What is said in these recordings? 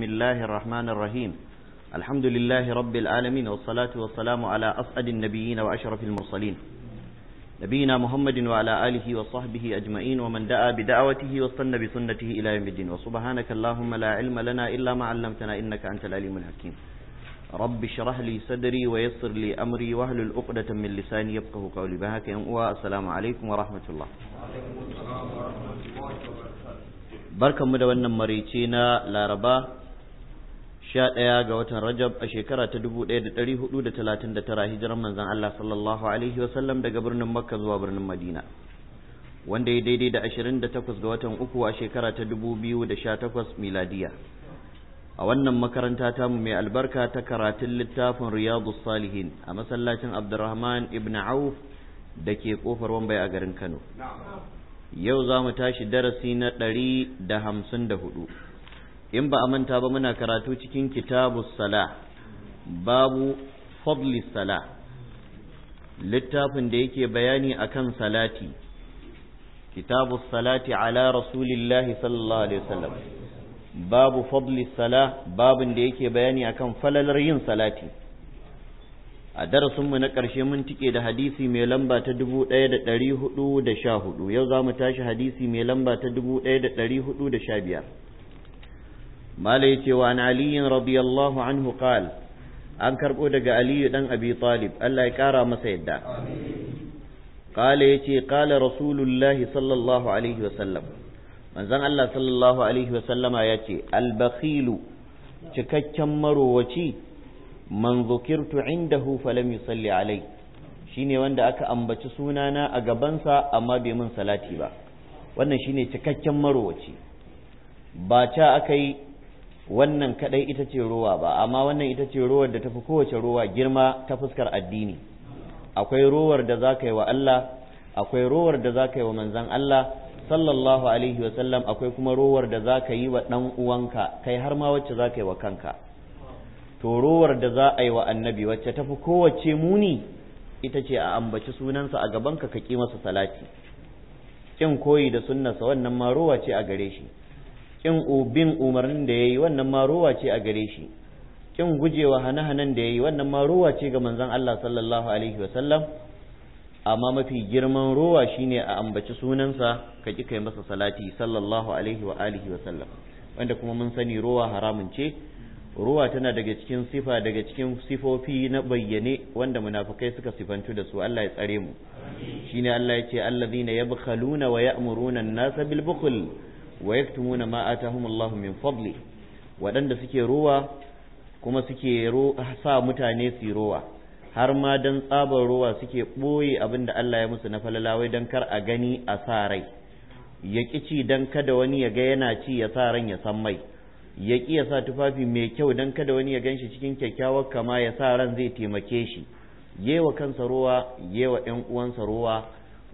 بسم الله الرحمن الرحيم الحمد لله رب العالمين والصلاة والسلام على أسعد النبيين وأشرف المرسلين نبينا محمد وعلى آله وصحبه أجمعين ومن دعا بدعوته واستنى بسنته إلى يوم الدين وسبحانك اللهم لا علم لنا إلا ما علمتنا إنك أنت العليم الحكيم رب اشرح لي صدري ويسر لي أمري واهلل عقدة من لساني يفقه قولي بهاك والسلام عليكم ورحمة الله وعليكم السلام ورحمة الله وبركاته barkanmu da wannan marice na laraba sha ɗaya ga watan Rajab a shekara ta dubu ɗaya da ɗari hudu da talatin da tara hijiran manzon Allah sallallahu alaihi wasallam daga birnin Makka zuwa birnin Madina wanda ya daidai da ashirin da takwas ga watan uku a shekara ta dubu biyu da sha takwas miladiya a wannan makaranta ta mu mai albarka ta karatun littafin Riyadu Salihin a masallacin Abdurrahman ibn Auf da ke kofar Wambai a garin Kano yau za mu tashi darasi na ɗari da hamsin da hudu in ba a manta ba muna karatu cikin kitabu sala babu fadli sala littafin da yake bayani akan salati kitabu salati ala rasulillahi sallallahu alaihi wasallam babu fadli sala babin da yake bayani akan falalar yin salati a darasinmu na ƙarshe mun tike da hadisi mai lamba ta dubu ɗaya da ɗari hudu da sha hudu yau za mu tashi hadisi mai lamba ta dubu ɗaya da ɗari hudu da sha biyar mala yace wa an ali radiyallahu anhu qal an karbo daga aliyu dan abi talib Allah ya kara masa yadda ya yace qala rasulullahi sallallahu alaihi wasallam manzon Allah sallallahu alaihi wasallama yace ce albakhilu. cikakken marowaci man zukirtu indahu falam yusalli alai shine wanda aka ambaci sunana a gabansa amma bai min salati ba wannan shine cikakken marowaci ba ca aka yi wannan kadai ita ce rowa ba amma wannan ita ce rowar da tafi kowace rowa girma ta fuskar addini akwai rowar da za ka yi wa Allah akwai rowar da za ka yi wa manzan Allah sallallahu alaihi wasallam akwai kuma rowar da za ka yi wa ɗan uwanka kai har ma wacce za ka yi wa kanka to rowar da za a yi wa annabi wacce tafi kowace muni ita ce a ambaci sunansa a gabanka ka ƙi masa salati ƙin koyi da sunnarsa wannan ma rowa ce a gare shi kin ubin umarnin da yayi wannan ma ruwa ce a gare shi kin gujewa hane-hanen da yayi wannan ma ruwa ce ga manzon Allah sallallahu alaihi wasallam amma mafi girman ruwa shine a ambaci sunansa ka ki kai masa salati sallallahu alaihi wa alihi wasallam wanda kuma mun sani ruwa haramun ce ruwa tana daga cikin sifa daga cikin sifofi na bayyane wanda munafukai suka sifantu da su Allah ya tsare mu shine Allah ya ce allazina yabkhaluna wa ya'muruna an-nasa bil bukhl wa yaktumuna ma atahum Allah min fadli waɗanda suke ruwa kuma suke sa mutane su ruwa har ma dan tsabar ruwa suke ɓoye abinda Allah ya musu na falalawai dan kar a gani a sa rai ya ci don kada wani ya ga yana ci ya sa ran ya san mai ya ki ya sa tufafi mai kyau dan kada wani ya gan shi cikin kyakkyawar kama ya sa ran zai taimake shi yewa kansa rowa yewa ƴan uwansa ruwa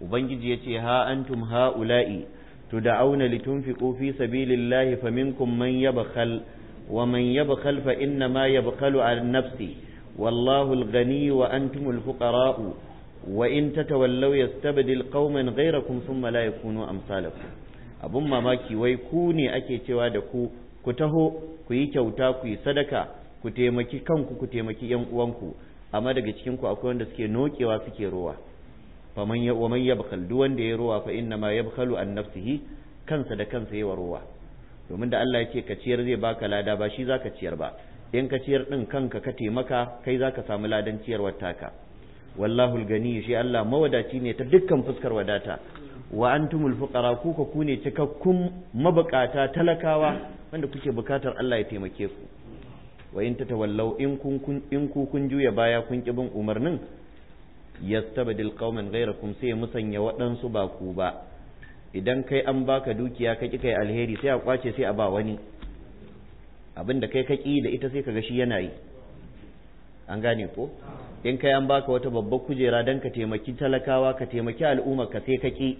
ubangiji ya ce ha antum ha ula'i تدعون لتنفقوا في سبيل الله فمنكم من يبخل ومن يبخل فإنما يبخل عن نفسه والله الغني وأنتم الفقراء وإن تتولوا يستبدل قوما غيركم ثم لا يكونوا أمثالكم abun mamaki wai ku ne ake cewa da ku ku taho ku yi kyauta ku yi sadaka ku taimaki kanku ku taimaki yan uwanku amma daga cikinku akwai wanda suke noƙewa suke rowa faman ya wa man yabkhal duk wanda ya ruwa fa inna ma yabkhalu an nafsihi kansa da kansa yawa ruwa. domin da Allah yake ka ciyar zai baka lada ba shi zaka ciyar ba in ka ciyar din kanka ka taimaka kai zaka samu ladan ciyarwar taka wallahu gani shi Allah mawadaci ne ta dukkan fuskar wadata wa antumul fuqara ku ku ne cikakkun mabukata talakawa wanda kuke bukatar Allah ya taimake ku wa in tatawallaw in kun in ku kun juya baya kun ki bin umarnin yastabdil qauman ghayrakum sai musanya waɗansu ba ku ba idan kai an baka dukiya ka ki kai alheri sai a kwace sai a ba wani abinda kai ka ki da ita sai kaga shi yana yi an gane ko in kai an baka wata babbar kujera dan ka taimaki talakawa ka taimaki al'umma ka sai ka ki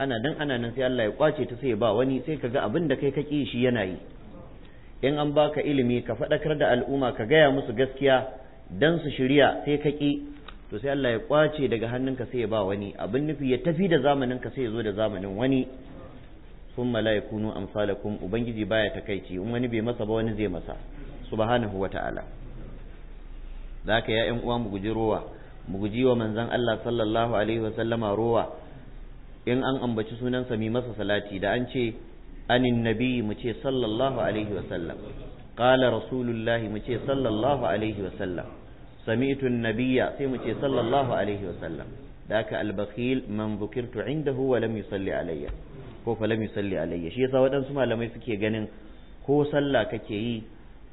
ana dan ana nan sai Allah ya kwace ta sai ba wani sai kaga abinda kai ka ki shi yana yi in an baka ilimi ka faɗakar da al'umma ka gaya musu gaskiya dan su shirya sai ka ki to sai Allah ya kwace daga hannunka sai ya ba wani abin nufi ya tafi da zamanin ka sai ya zo da zamanin wani thumma la yakunu amsalakum ubangiji baya takaici in wani bai masa ba wani zai masa subhanahu wata'ala zaka ya yan uwa mu guji rowa mu guji wa manzon Allah sallallahu alaihi wasallama rowa in an ambaci sunansa mi masa salati da an ce anin nabi mu ce sallallahu alaihi wasallam qala rasulullahi mu ce sallallahu alaihi wasallam sami'tu nabiyya sai mu ce sallallahu da wasallam daka albakhil man dhukirtu indahu wa lam alayya ko fa lam yusalli alayya shi yasa waɗansu malamai suke ganin ko sallah kake yi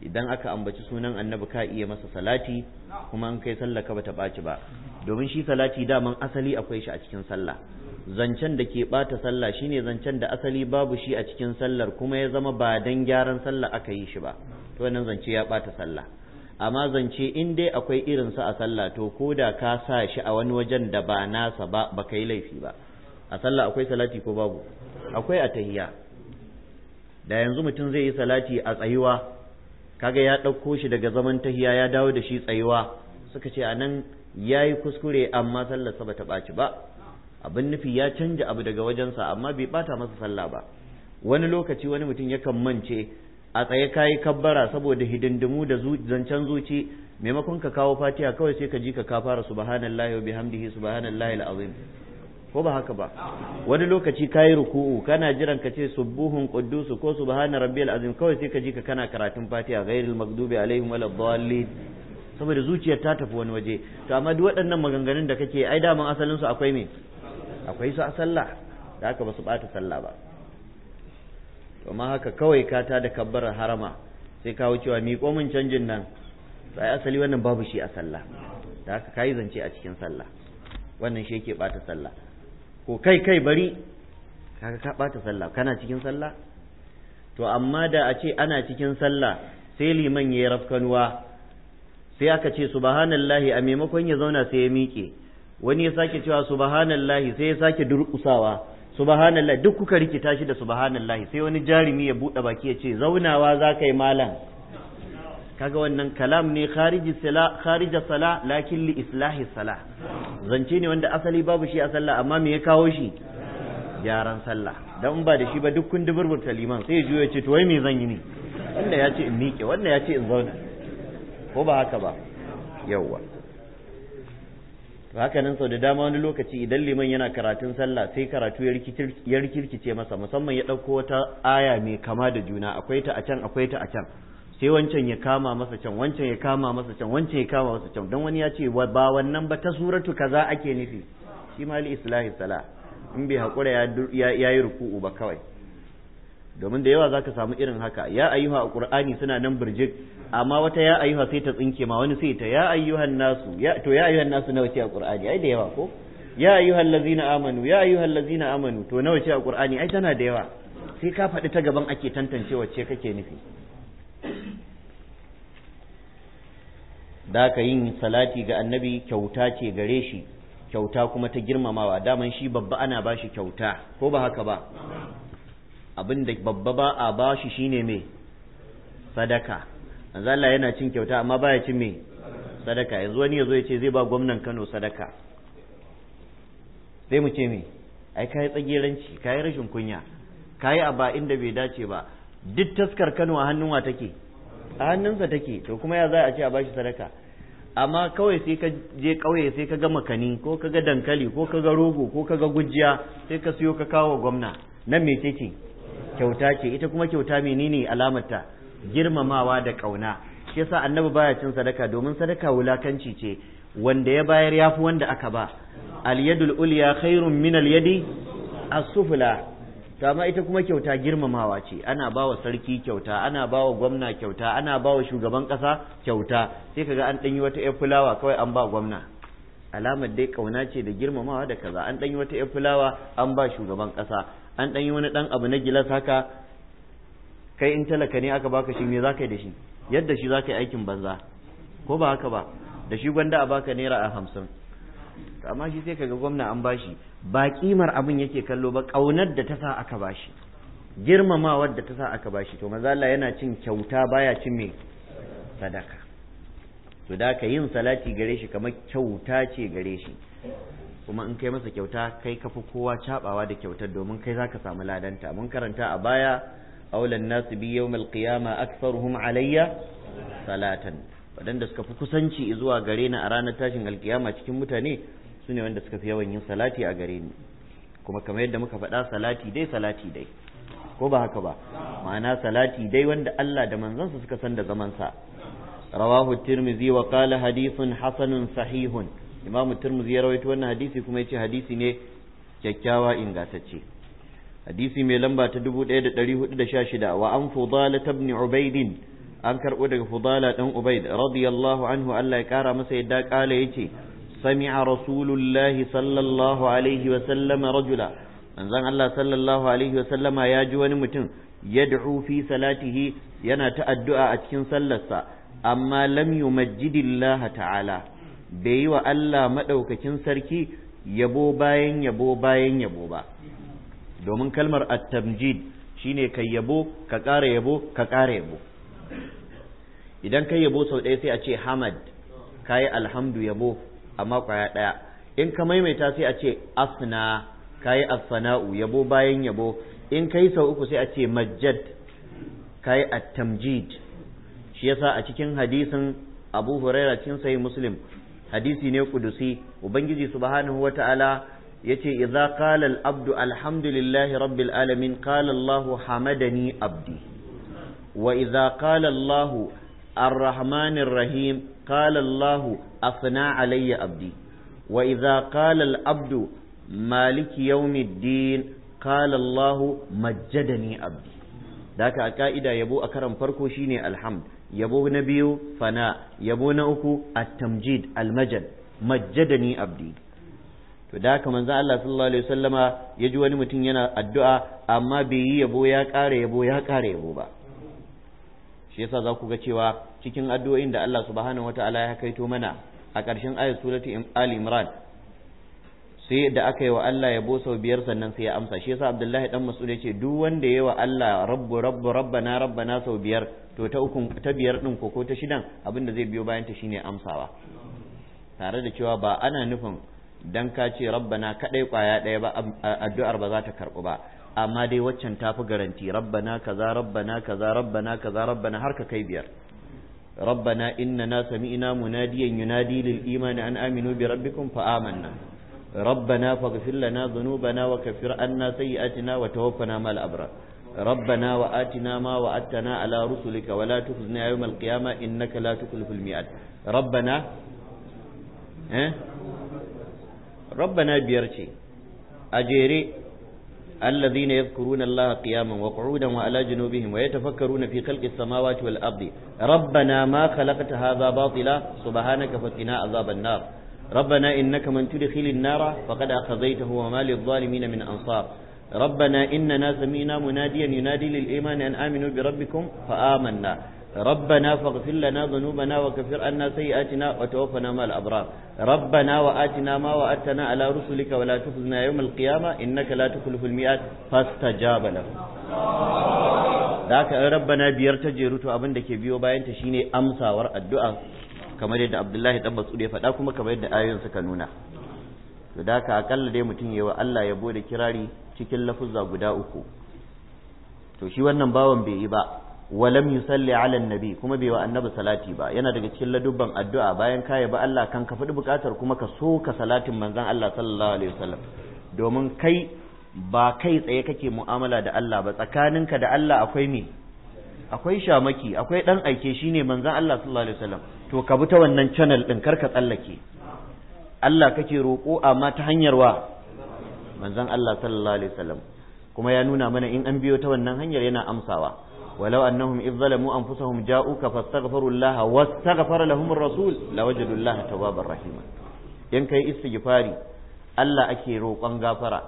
idan aka ambaci sunan annabi ka iya masa salati kuma an kai sallah ka bata baci ba domin shi salati daman asali akwai shi a cikin sallah zancen da ke bata sallah shine zancen da asali babu shi a cikin sallar kuma ya zama ba dan gyaran sallah aka yi shi ba to wannan zance ya bata sallah amma zance in dai akwai irin sa a sallah to ko da ka sa shi a wani wajen da ba nasa ba ba kai laifi ba a sallah akwai salati ko babu akwai a tahiya. da yanzu mutum zai yi salati a tsayuwa kaga ya ɗauko shi daga zaman tahiya ya dawo da shi tsayuwa suka ce anan ya yi kuskure amma sallarsa sa bata ɓaci ba abin nufi ya canja abu daga wajensa amma bai bata masa sallah ba wani lokaci wani mutum yakan mance a tsaye ka yi kabbara saboda hidindimu da zancen zuci maimakon ka kawo fatiha kawai sai ka ji ka ka fara subhanallahi wa bihamdihi subhanallahi alazim ko ba haka ba wani lokaci ka yi ruku'u kana jiran ka ce subuhun quddus ko subhana rabbiyal azim kawai sai ka ji ka kana karatun fatiha ghairil maghdubi alaihim waladdallin saboda zuciyar ta tafi wani waje to amma duk waɗannan maganganun da kake ai daman asalin su akwai me akwai su a sallah da haka ba su bata sallah ba to amma haka kawai ka ta da kabbarar harama sai kawo cewa miƙo mun canjin nan sai asali wannan babu shi a sallah da haka kai zance a cikin sallah wannan shi yake bata sallah ko kai kai bari kaga ka bata sallah kana cikin sallah to amma da a ce ana cikin sallah sai liman ya rafkanuwa sai aka ce subhanallahi a maimakon ya zauna sai ya miƙe wani ya sake cewa subhanallahi sai ya sake durƙusawa subhanallah duk kuka rikita shi da subhanallah sai wani jarumi ya buɗe baki ya ce zaunawa za ka yi malam kaga wannan kalam ne kharija sala lakin li islahi sala zance ne wanda asali babu shi a sallah amma me ya kawo shi gyaran sallah dan ba da shi ba duk kun duburburta liman sai ya juyo ya ce to wai me zan yi ne wannan ya ce in miƙe wannan ya ce in zauna ko ba haka ba yawwa to haka nan sau da dama wani lokaci idan liman yana karatun sallah sai karatu ya rikirkice masa musamman ya ɗauko wata aya mai kama da juna akwai ta a can akwai ta a can sai wancan ya kama masa can wancan ya kama masa can wancan ya kama masa can don wani ya ce ba wannan ba ta suratu kaza ake nufi shi ma li islahi sala in bai haƙura ya yi ruku'u ba kawai domin da yawa zaka samu irin haka ya ayyuha a Kur'ani suna nan birjik amma wata ya ayyuha sai ta tsinke ma wani sai ta ya ayyuhan nasu ya to ya ayyuhan nasu nawa ce a qur'ani ai da yawa ko ya ayyuhal ladzina amanu ya ayyuhal ladzina amanu to nawa ce a qur'ani ai tana da yawa sai ka faɗi ta gaban ake tantance wacce kake nufi da ka yin salati ga annabi kyauta ce gare shi kyauta kuma ta girmamawa daman shi babba ana bashi kyauta ko ba haka ba abinda babba ba a bashi shine me sadaka manzo Allah yana cin kyauta amma baya cin me sadaka yanzu wani yazo ya ce zai ba gwamnan Kano sadaka sai mu ce me ai kai tsageranci kai rashin kunya kai aba inda bai dace ba duk taskar Kano a hannun wa take a hannunsa take to kuma ya za a ce a bashi sadaka amma kawai sai ka je kauye sai ka ga makani ko ka ga dankali ko ka ga rogo ko ka ga gujiya sai ka siyo ka kawo gwamna nan me ce kyauta ce ita kuma kyauta menene alamarta girmamawa da ƙauna shi yasa annabi baya cin sadaka domin sadaka wulakanci ce wanda ya bayar ya fi wanda aka ba al-yadul ulya khairun min al-yadi Asufla. to amma ita kuma kyauta girmamawa ce ana bawa sarki kyauta ana bawa gwamna kyauta ana bawa shugaban ƙasa kyauta sai kaga an danyi wata ƴar fulawa kawai an ba gwamna alamar dai ƙauna ce da girmamawa da kaza an danyi wata yar fulawa an ba shugaban ƙasa. an danyi wani ɗan abu na gilas haka kai in talaka ne aka baka shi me za ka yi da shi yadda shi za ka yi aikin banza ko ba haka ba da shi gwanda a baka naira a hamsin amma shi sai kaga gwamna an bashi ba kimar abin yake kallo ba kaunar da ta sa aka bashi girmamawar da ta sa aka bashi to maza Allah yana cin kyauta baya cin me sadaka to da ka yin salati gare shi kamar kyauta ce gare shi kuma in kai masa kyauta kai kafi kowa cabawa da kyautar domin kai zaka samu ladanta mun karanta a baya aulan nasu bi yawmal qiyama aktsaruhum alayya salatan waɗanda suka fi kusanci zuwa gare ni a ranar tashin alkiyama cikin mutane su ne wanda suka fi yawan yin salati a gare ni kuma kamar yadda muka faɗa salati dai salati dai ko ba haka ba ma'ana salati dai wanda Allah da manzansa suka san da zamansa rawahu tirmizi wa qala hadithun hasanun sahihun imamu tirmizi ya rawaito wannan hadisi kuma ya ce hadisi ne kyakkyawa ingantacce hadisi mai lamba ta shida wa an fudala bni ubaidin an karbo daga fudala ɗan ubaid radiyallahu anhu Allah ya kara masa yadda kala yace sami'a rasulullahi sallallahu alaihi wa sallama rajula manzon Allah sallallahu alaihi wa sallama ya ji wani mutum yad'u fi salatihi yana ta addu'a a cikin sallarsa amma lam yumajjidillah ta'ala bai yi wa Allah madaukakin sarki yabo bayan yabo bayan yabo ba domin kalmar at-tamjid shine kai yabo ka ƙara yabo ka ƙara yabo idan kai yabo sau ɗaya sai a ce hamad kayi alhamdu yabo amma kwaya ɗaya in ka maimaita sai a ce asna kai as-sana'u yabo bayan yabo in kai sau uku sai a ce majjad kayi at-tamjid shi yasa a cikin hadisin Abu Huraira cikin sahih Muslim hadisi ne kudusi ubangiji subhanahu wata'ala yace idza qala al-abdu alhamdulillahi rabbil alamin qala Allahu hamadani abdi wa idza qala Allahu ar-rahmanir rahim qala afna alayya abdi wa idza qala abdu maliki yawmiddin qala Allahu majjadani abdi daka a ka'ida yabo a karan farko shine alham yabo na biyu fana yabo na uku at-tamjid al-majad majjadani abdi to da haka manzo Allah sallallahu alaihi wasallama ya ji wani mutum yana addu'a amma bai yi yabo ya ƙara yabo ya ƙara yabo ba shi yasa za ku ga cewa cikin addu'o'in da Allah subhanahu wataala ya kaito mana a ƙarshen ayat surati Ali Imran sai da aka yi wa Allah yabo sau biyar sannan sai ya amsa shi yasa Abdullahi dan Mas'ud yace duk wanda yayi wa Allah rabbu rabbu rabbana rabbana sau biyar to ta ukun ta biyar din ko ko ta shidan abinda zai biyo bayan ta shine amsawa tare da cewa ba ana nufin dan ka ce rabbana kadai kwaya daya ba addu'ar ba za ta karbu ba amma dai waccan ta fi garanti rabbana kaza rabbana kaza rabbana kaza rabbana har ka kai biyar rabbana innana sami'na munadiyan yunadi lil imani an aminu bi rabbikum fa amanna rabbana faghfir lana dhunubana wa kaffir anna sayyi'atina wa tawaffana ma'al abrar ربنا وآتنا wa وعدتنا على رسلك ولا تخزنا يوم القيامة إنك لا تخلف الميعاد ربنا إيه؟ rabbana biyar ce a jere allazina yadhkuruna allaha qiyaman wa qu'udan wa ala junubihim wa yatafakkaruna fi khalqis samawati wal ardi rabbana ma khalaqta hadha batila subhanaka faqina azaban nar ربنا إنك من تدخل النار فقد أخذيته وما للظالمين من أنصار ربنا إننا سمينا مناديا ينادي للإيمان أن آمنوا بربكم فآمنا ربنا فاغفر لنا ذنوبنا وكفر عنا سيئاتنا وتوفنا مع الأبرار ربنا وآتنا ما وآتنا على رسلك ولا تخزنا يوم القيامة إنك لا تخلف المئات فاستجاب له ذاك ربنا بيرتجي رتو أبن دكي بيو باين تشيني أمسا وراء الدعاء كما يد عبد الله تبا سؤولي فتاكم كما يد آيون سكنونا ذاك أقل دي متنية وألا يبوي لكراري تكلف cikin lafuzza guda uku to shi wannan bawon bai yi ba wa lam yusalli ala nabi kuma bai wa annabi salati ba yana daga cikin ladubban addu'a bayan ka ba Allah kan ka fadi buƙatar kuma ka so ka salatin manzon Allah sallallahu alaihi wasallam domin kai ba kai tsaye kake mu'amala da Allah ba tsakaninka da Allah akwai me akwai shamaki akwai dan aike shine manzon Allah sallallahu alaihi wasallam to ka bi ta wannan channel din kar ka tsallake Allah kake roƙo amma ta hanyar wa manzon Allah sallallahu alaihi wasallam kuma ya nuna mana in an biyo ta wannan hanyar yana amsawa ولو أنهم إذ ظلموا أنفسهم جاءوك فاستغفروا الله واستغفر لهم الرسول لوجدوا الله توابا رحيما ينكي استغفاري Allah ake roƙon gafara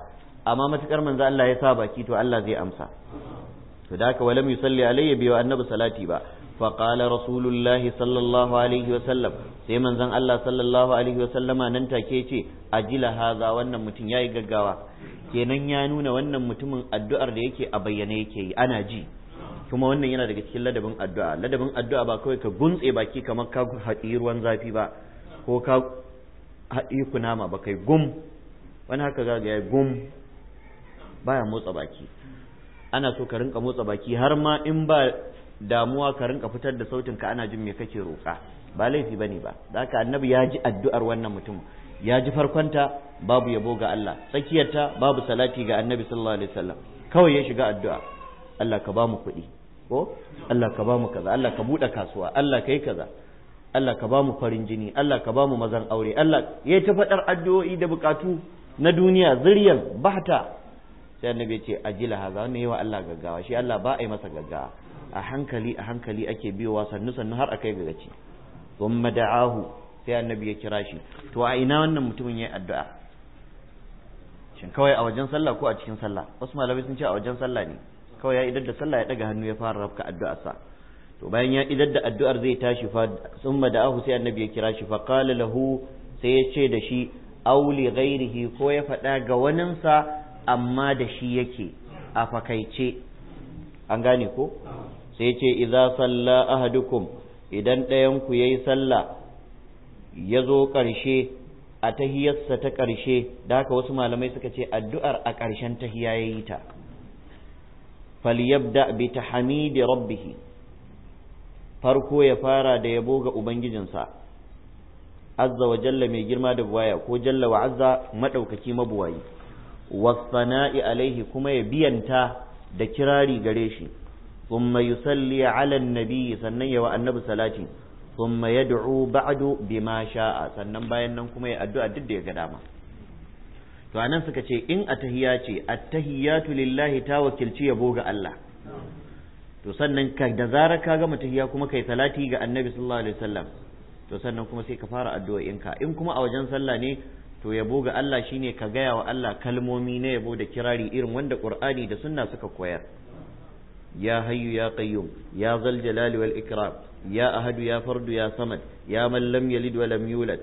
amma matukar manzo Allah ya sa baki to Allah zai amsa to da haka walam yusalli alayya bi annabi salati ba fa qala rasulullahi sallallahu alaihi wa sallam sai manzon Allah sallallahu alaihi wa sallama nan take ce ajila lahaza wannan mutum yayi gaggawa kenan ya nuna wannan mutumin addu'ar da yake a bayyane yake yi ana ji kuma wannan yana daga cikin ladabin addu'a ladabin addu'a ba kawai ka guntse baki kamar ka haɗi ruwan zafi ba ko ka haɗi kunama ba kai gum wani haka ga ya gum baya motsa baki ana so ka rinka motsa baki har ma in ba damuwa ka rinka fitar da sautin ka ana jin me kake roƙa ba laifi bane ba da haka annabi ya ji addu'ar wannan mutum ya ji farkonta babu yabo ga Allah tsakiyarta babu salati ga annabi sallallahu alaihi wasallam kawai ya shiga addu'a Allah ka ba mu kuɗi ko Allah ka bamu kaza Allah ka bude kasuwa Allah ka kaza Allah ka bamu farin jini Allah ka bamu mazan aure Allah ya ta faɗar addu'o'i da bukatu na duniya zuriyan bahta sai annabi ya ce ajila haza wannan yawa Allah gaggawa shi Allah ba a yi masa gaggawa a hankali a hankali ake biyowa sannu sannu har akai ga gaci thumma da'ahu sai annabi ya kira shi to a ina wannan mutumin yayi addu'a shin kawai a wajen sallah ko a cikin sallah wasu malamai sun ce a wajen sallah ne kawai ya idar da sallah ya daga hannu ya fara rafka addu'arsa to bayan ya idar da addu'ar zai tashi fa summa da ahu sai annabi ya kira shi fa qala lahu sai ya ce da shi auli ghairihi ko ya faɗa ga waninsa amma da shi yake a fakaice an gane ko sai ya ce idza salla ahadukum idan ɗayan ku yayi sallah ya zo ƙarshe a tahiyarsa ta ƙarshe da haka wasu malamai suka ce addu'ar a ƙarshen tahiya ya yi ta falyabda bi tahmidi rabbih farko ya fara da yabo ga ubangijinsa azza wa jalla mai girma da buwaya ko jalla wa azza madaukaki mabuwayi wasana'i alaihi kuma ya biyanta da kirari gare shi thumma yusalli ala Nabiyyu sannan yawa annabi salati thumma yad'u ba'du bima sha'a sannan bayan nan kuma ya addu'a duk da ya ga dama to anan suka ce in atahiya ce attahiyatu lillahi ta wakilci yabo ga Allah to sannan ka da zarar ka gama tahiya kuma kai salati ga annabi sallallahu alaihi wasallam to sannan kuma sai ka fara addu'o'inka in kuma a wajen sallah ne to yabo ga Allah shine ka gaya wa Allah kalmomi na yabo da kirari irin wanda Qur'ani da sunna suka koyar ya hayyu ya qayyum ya zal jalali wal ikram ya ahadu ya fardu ya samad ya man lam yalid wa lam yulad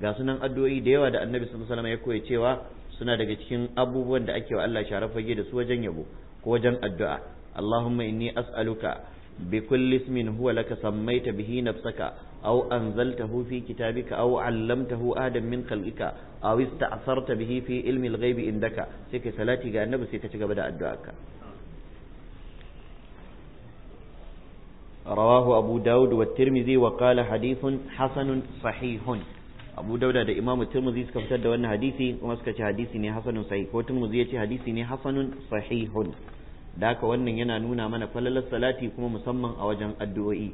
ga sunan addu'o'i da yawa da annabi sallallahu alaihi ya koya cewa suna daga cikin abubuwan da ake wa Allah sharafa fage da su wajen yabo ko wajen addu'a Allahumma inni as'aluka bi kulli ismin huwa laka sammaita bihi nafsaka aw anzaltahu fi kitabika aw 'allamtahu adam min khalqika aw ista'sarta bihi fi ilmi al-ghaib indaka sai kai salati ga annabi sai ka ci gaba da ka رواه أبو داود والترمذي وقال حديث حسن صحيح abu dauda da imamu tirmidhi suka fitar da wannan hadisi kuma suka ce hadisi ne hasanun sahih ko tirmidhi ya ce hadisi ne hasanun sahihun daka wannan yana nuna mana falalar salati kuma musamman a wajen addu'o'i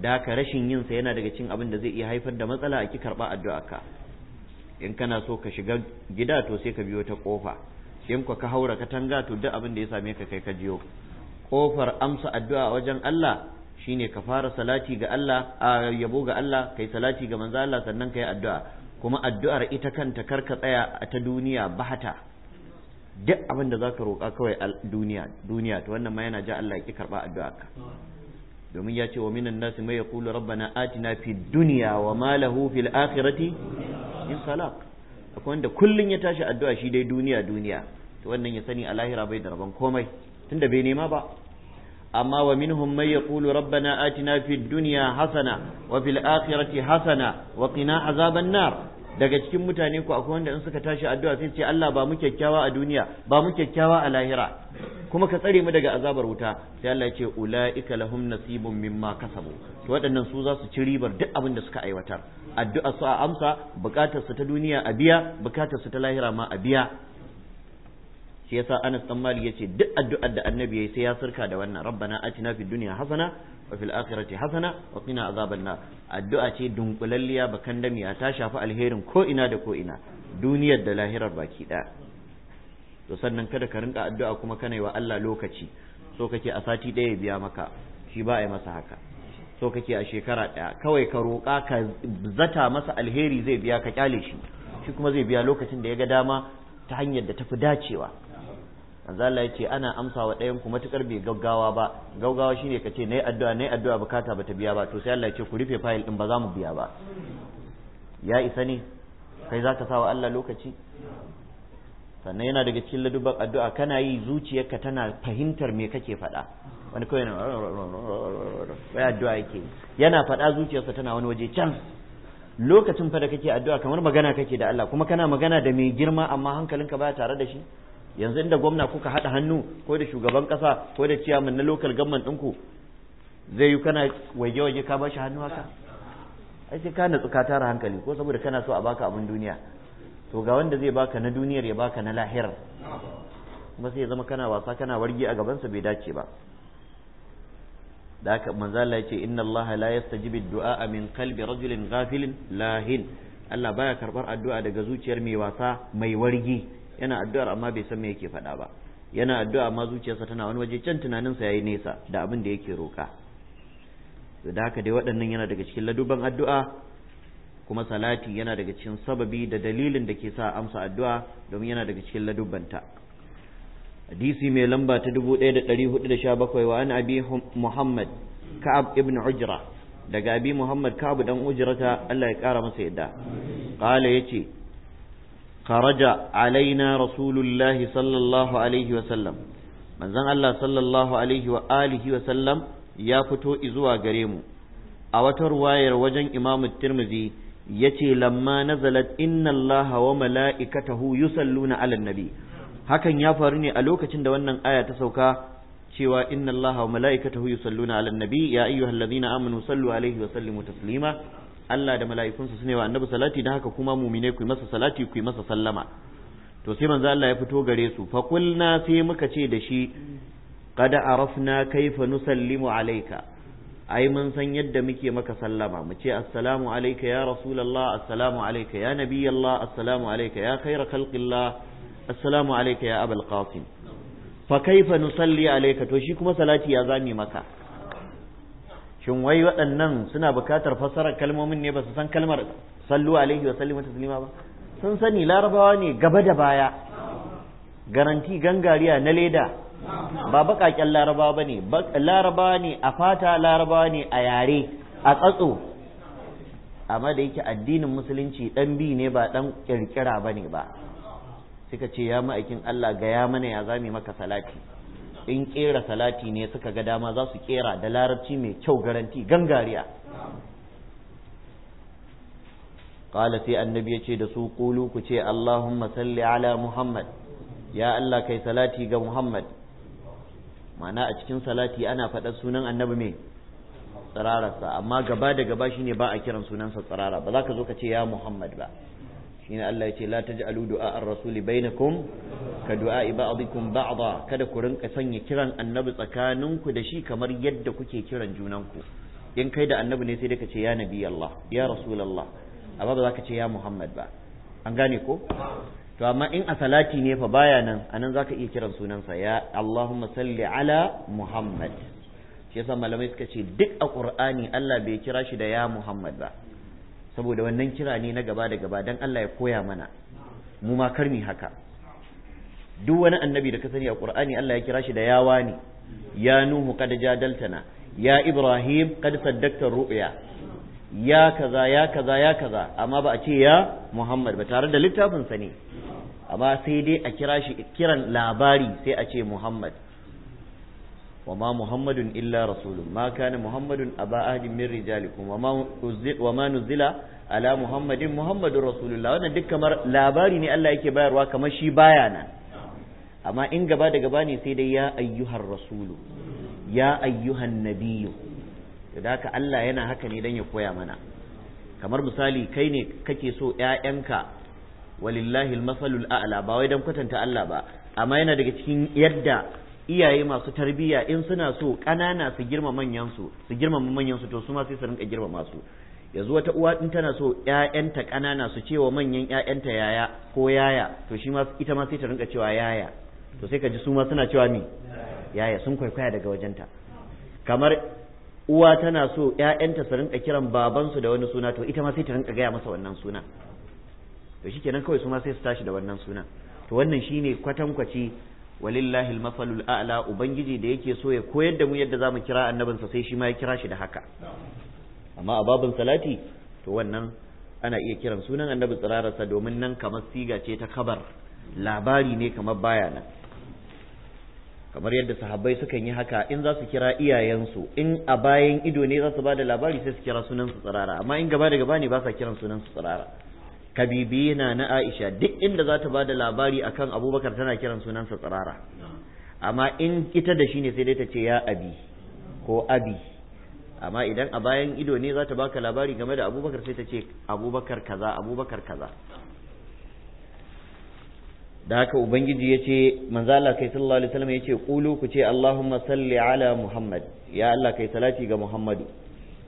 daka rashin yin sa yana daga cin abin da zai iya haifar da matsala a ki karba addu'a ka in kana so ka shiga gida to sai ka biyo ta kofa in ka haura ka tanga to duk abin da ya same ka kai ka jiyo kofar amsa addu'a wajen Allah shine ka fara salati ga Allah a yabo ga Allah kai salati ga manzo Allah sannan kai addu'a kuma addu'ar ita kanta karka tsaya a ta duniya bahata duk abin da zaka roƙa kawai duniya duniya to wannan ma yana ja Allah ki karba addu'arka domin ya ce wa minan nasi mai yaqulu rabbana atina fi dunya wa ma lahu fil akhirati in salak akwai wanda kullun ya tashi addu'a shi dai duniya duniya to wannan ya sani a lahira bai da rabon komai tunda bai nema ba amma wa minhum may yaqulu rabbana atina fid dunya hasana wa fil akhirati hasana wa qina azaban nar daga cikin mutane ku akwai wanda in suka tashi addu'a sai ce Allah ba mu kyakkyawa a duniya ba mu kyakkyawa a lahira kuma ka tsare mu daga azabar wuta sai Allah ya ce ulaika lahum nasibun mimma kasabu to waɗannan su za su ci ribar duk abin da suka aiwatar addu'a su a amsa bukatar su ta duniya a biya bukatar su ta lahira ma a biya shi yasa Anas dan Malik yace duk addu'ar da Annabi yayi sai ya sirka da wannan rabbana atina fid dunya hasana wa fil akhirati hasana wa qina azaban nar addu'a ce dunkulalliya bakan miya ta shafi alherin ko ina da ko ina duniyar da lahirar baki daya to sannan kada ka rinka addu'a kuma kana yi wa Allah lokaci so kake a sati ɗaya biya maka shi ba a yi masa haka so kake a shekara ɗaya kawai ka roƙa ka zata masa alheri zai biya ka kyale shi shi kuma zai biya lokacin da ya ga dama ta hanyar da tafi dacewa manzo Allah ce ana amsa wa ɗayan ku matukar bai gaggawa ba gaggawa shine ka ce nayi addu'a nayi addu'a bukata bata biya ba to sai Allah ce ku rufe fayil ɗin ba za mu biya ba ya isa ne kai za ka sa wa Allah lokaci sannan yana daga cikin ladubar addu'a kana yi zuciyarka tana fahimtar me kake faɗa wani kawai na wani addu'a yake yana faɗa zuciyarsa tana wani waje can lokacin fa da kake addu'a kamar magana kake da Allah kuma kana magana da mai girma amma hankalinka baya tare da shi yanzu inda gwamna kuka haɗa hannu ko da shugaban ƙasa ko da ciyaman na lokal gamman ɗinku zai yi kana waje-waje ka bashi hannu haka ai sai ka natsu ka tara hankali ko saboda kana so a baka abin duniya to ga wanda zai baka na duniyar ya baka na lahirar kuma sai ya zama kana wasa kana wargi a gabansa bai dace ba da haka manzo ya yace inna Allah la yastajibu du'a min qalbi rajulin ghafilin lahin Allah baya karbar addu'a daga zuciyar mai wasa mai wargi yana addu'ar amma bai san me yake faɗa ba yana addu'a amma zuciyarsa tana wani waje can tunaninsa yayi nesa da abin da yake roka da haka dai waɗannan yana daga cikin laduban addu'a kuma salati yana daga cikin sababi da dalilin da ke sa amsa addu'a domin yana daga cikin ladubanta hadisi mai lamba ta 1417 wa an abi muhammad ka'ab ibn ujra daga abi muhammad ka'ab dan ujrata Allah ya kara masa yadda qala yace kharaja alaina rasulullahi sallallahu alaihi wa sallam manzon Allah sallallahu alaihi wa alihi wa sallam ya fito zuwa garemu. a wata ruwayar wajen Imam ya ce, lamma nazalat inna Allaha wa mala'ikatahu yusalluna 'alan nabi hakan ya faru ne a lokacin da wannan aya ta sauka cewa inna Allaha wa mala'ikatahu yusalluna 'alan nabi ya wa sallimu Allah da mala'ikunsa su ne wa annabi salati da haka kuma muminai ku yi masa salati ku yi masa sallama to sai manzo Allah ya fito gare su fa kulna sai muka ce da shi qad arafna kaifa nusallimu alayka ai mun san yadda muke maka sallama mu ce assalamu alayka ya rasulullah assalamu alayka ya nabiyallah assalamu alayka ya khayra khalqillah assalamu alayka ya abul qasim fa kaifa nusalli alayka to shi kuma salati ya zami maka shin wai waɗannan suna buƙatar fassarar kalmomin ne ba su san kalmar sallu alaihi wa sallimu taslima ba sun sani larabawa ne gaba da baya garanti gangariya na leda ba baƙaƙen larabawa ba ne larabawa ne a fata larabawa ne a yare a tsatso amma da yake addinin musulunci ɗan bi ne ba ɗan ƙirƙira ba ne ba suka ce ya ma'aikin Allah ga ya mana ya zami maka salati in kera salati ne suka ga dama za su kera da larabci mai kyau garanti gangariya qala sai annabi ce da su qulu ku ce allahumma salli ala muhammad ya allah kai salati ga muhammad ma'ana a cikin salati ana faɗar sunan annabi mai tsirararsa amma gaba da gaba shine ba a kiran sunansa tsirara ba za ka zo ka ce ya muhammad ba shine Allah yace la taj'alu du'a ar-rasuli bainakum ka du'a ba'dikum ba'da kada ku rinka sanya kiran annabi tsakaninku da shi kamar yadda kuke kiran junanku in kai da annabi ne sai dai ka ce ya nabi Allah ya Allah amma ba za ka ce ya Muhammad ba an gane ko to amma in a salati ne fa baya nan anan zaka iya kiran sunansa ya Allahumma salli ala Muhammad shi yasa malamai suka ce duk a Qur'ani Allah bai kira shi da ya Muhammad ba saboda wannan kira ne na gaba da gaba don Allah ya koya mana mu ma karmi haka duk wani annabi da ka sani a Qur'ani Allah ya kira shi da yawa ne ya nuhu kad jadaltana ya ibrahim kad saddaqta ru'ya ya kaza ya kaza ya kaza amma ba a ce ya muhammad ba tare da littafin sa ne amma sai dai a kira shi kiran labari sai a ce muhammad وما محمد إلا رسول ما كان محمد أبا أهد من رجالكم وما نزل, وما نزل على محمد محمد wannan duk kamar labari ne Allah yake bayarwa kamar shi baya nan amma in gaba da gaba ne sai dai ya ayyuhan rasulu ya ayyuhan Nabiyu. da haka Allah yana haka ne dan ya koya mana kamar misali kai ne kake so 'ya'yanka walillahi almasalul a'la ba wai dan kwatanta Allah ba amma yana daga cikin yadda iyaye masu tarbiyya in suna so ƙanana su girma manyan su su girma manyan su to su ma sai su rinka girma masu yanzu wata uwa in tana so ƴaƴanta ƙanana su cewa manyan ƴaƴanta yaya ko yaya to shi ma ita ma sai ta rinka cewa yaya to sai ka ji su ma suna cewa mi yaya sun kwaikwaya daga wajenta kamar uwa tana so ƴaƴanta su rinka kiran babansu da wani suna to ita ma sai ta rinka gaya masa wannan suna to shikenan kawai su ma sai su tashi da wannan suna to wannan shine kwatankwaci walillahi al-masalul a'la ubangiji da yake so ya koyar da mu yadda zamu kira annabin sa sai shi ma ya kira shi da haka amma a babin salati to wannan ana iya kiran sunan annabi tsirararsa domin nan kamar siga ce ta kabar labari ne kamar baya kamar yadda sahabbai sukan yi haka in za su kira iyayensu in a bayan ido ne za su ba da labari sai su kira sunan su tsirara amma in gaba da gaba ne ba sa kiran sunan su tsirara kabibina na Aisha duk inda za ta ba da labari akan Abubakar tana kiran sunansa tsirara amma in ita da shi ne sai dai ta ce ya abi ko abi amma idan a bayan ido ne za ta baka labari game da Abubakar sai ta ce Abubakar kaza Abubakar kaza da haka ubangiji ya ce manzala kai sallallahu alaihi wasallam ya ce kulu ku ce allahumma salli ala muhammad ya allah kai salati ga muhammadu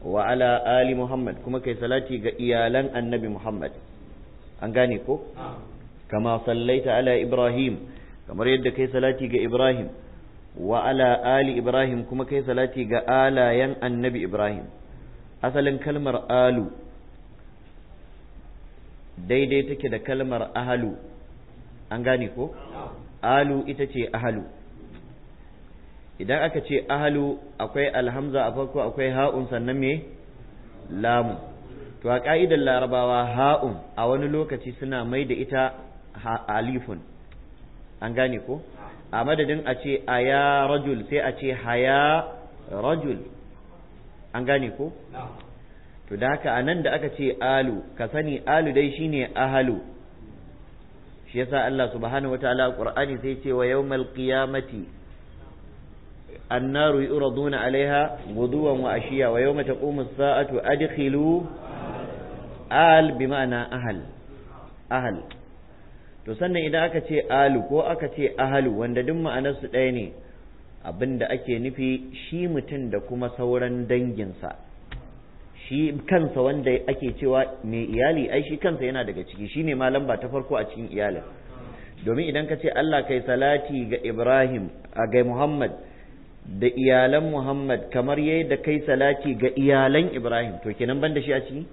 wa ala ali muhammad kuma kai salati ga iyalan annabi muhammad an gane ko kama sallaita ala ibrahim kamar yadda kai salati ga ibrahim wa ala ali ibrahim kuma kai salati ga alayen annabi ibrahim asalin kalmar alu daidai take da kalmar ahalu an gane ko alu ita ce ahalu idan aka ce ahalu akwai alhamza a farko akwai ha'un sannan me lamu to a ƙa'idar larabawa ha'un a wani lokaci suna mai da ita alifun an gane ko a madadin a ce aya rajul sai a ce haya rajul an gane ko to da haka anan da aka ce alu ka sani alu dai shine ahalu shi yasa Allah subhanahu wataala qur'ani sai ce wa yawmal qiyamati annaru yuraduna alaiha guduwan wa ashiya wa yawma taqumu as-sa'atu adkhilu al bi ma'ana ahal ahal to sannan idan aka ce alu ko aka ce ahalu wanda duk ma'anarsu ɗaya ne abin da ake nufi shi mutum da kuma sauran danginsa shi kansa wanda ake cewa mai iyali ai shi kansa yana daga ciki shi ne malam ba ta farko a cikin iyalin domin idan ka ce Allah kai salati ga Ibrahim a ga Muhammad da iyalan Muhammad kamar yayi da kai salati ga iyalan Ibrahim to kenan ban da shi a ciki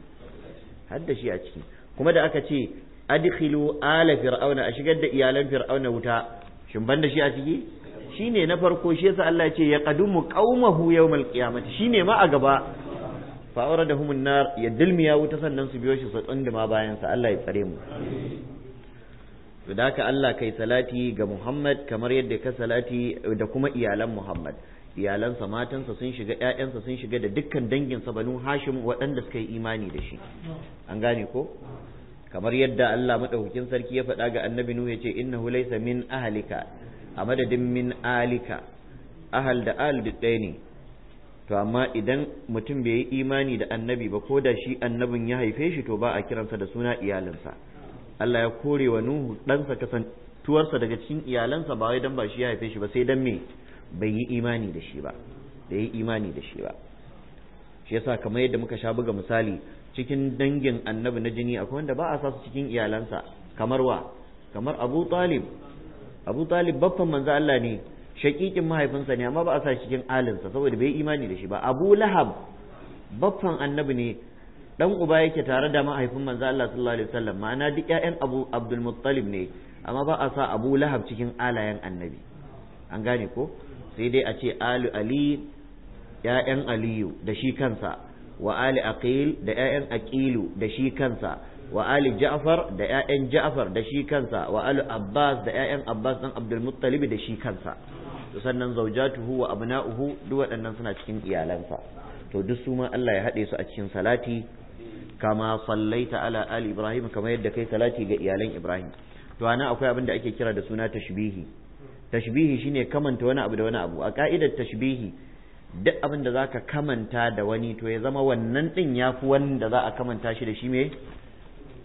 har da shi a ciki kuma da aka ce adkhilu ala fir'auna a shigar da iyalan fir'auna wuta shin banda da shi a ciki shine na farko shi yasa Allah ya ce ya qaumahu yawmal qiyamati shine ma a gaba fa aradahum an-nar ya wuta sannan su biyo shi su tsunduma bayan sa Allah ya tsare mu to da haka Allah kai salati ga Muhammad kamar yadda ka salati da kuma iyalan Muhammad iyalansa matansa sun shiga ƴaƴansa sun shiga da dukkan danginsa banu hashim waɗanda suka yi imani da shi an gane ko kamar yadda Allah madaukakin sarki ya faɗa ga annabi nuhu yace innahu laysa min ahlika a madadin min alika ahal da al duk ɗaya ne to amma idan mutum bai yi imani da annabi ba ko da shi annabin ya haife shi to ba a kiransa da suna iyalansa Allah ya kore wa nuhu ɗansa kasantuwarsa daga cikin iyalansa ba wai dan ba shi ya haife shi ba sai dan me bai yi imani da shi ba bai yi imani da shi ba shi yasa kamar yadda muka sha buga misali cikin dangin annabi na jini akwai wanda ba a sa su cikin iyalansa kamar wa kamar abu talib abu talib baffan manzo Allah ne shakikin mahaifinsa ne amma ba a sa cikin alinsa saboda bai imani da shi ba abu lahab baffan annabi ne dan uba yake tare da mahaifin manzo Allah sallallahu alaihi wasallam ma'ana duk ƴaƴan abu abdul muttalib ne amma ba a sa abu lahab cikin alayen annabi an gane ko sai dai a ce alu ali ‘ya'yan aliyu da shi kansa wa ali aqil da ‘ya'yan aqilu da shi kansa wa ali ja'far da ‘ya'yan ja'far da shi kansa wa ali abbas da ‘ya'yan abbas ɗan abdulmuttalibi da shi kansa to sannan zaujatuhu wa abna'uhu duk waɗannan suna cikin iyalansa to duk su ma Allah ya haɗe su a cikin salati kama sallaita ala ali ibrahim kamar yadda kai salati ga iyalan ibrahim to ana akwai abin da ake kira da suna tashbihi tashbihi shine kamanta wani abu da wani abu a ka'idar tashbihi duk abin da zaka kamanta da wani to ya zama wannan din yafi wanda za a kamanta shi da shi me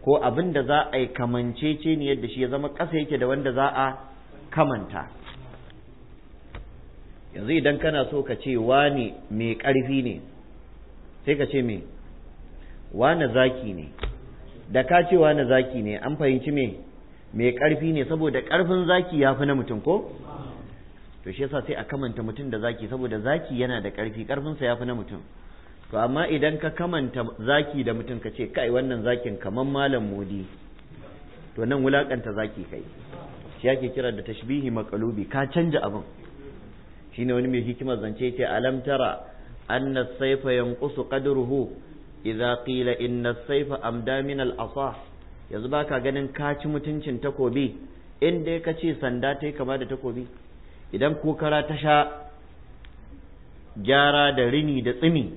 ko abin da za a yi kamancece ne yadda shi ya zama kasa yake da wanda za a kamanta yanzu idan kana so ka ce wane mai ƙarfi ne sai ka ce me wane zaki ne da ka ce wane zaki ne an fahimci me mai ƙarfi ne saboda ƙarfin zaki ya fi na mutum ko to shi yasa sai a kamanta mutum da zaki saboda zaki yana da ƙarfi ƙarfinsa ya fi na mutum to amma idan ka kamanta zaki da mutum ka ce kai wannan zakin kaman malam modi to nan wulaƙanta zaki kai shi yake kira da tashbihi maqlubi ka canja abin shine wani mai hikimar zance ce alamtara tara anna as-sayfa yanqusu qadruhu idza qila inna as-sayfa amda yanzu ba ka ganin ka ci mutuncin takobi in dai ka ce sanda ta yi kama da takobi idan kokara ta sha gyara da rini da tsimi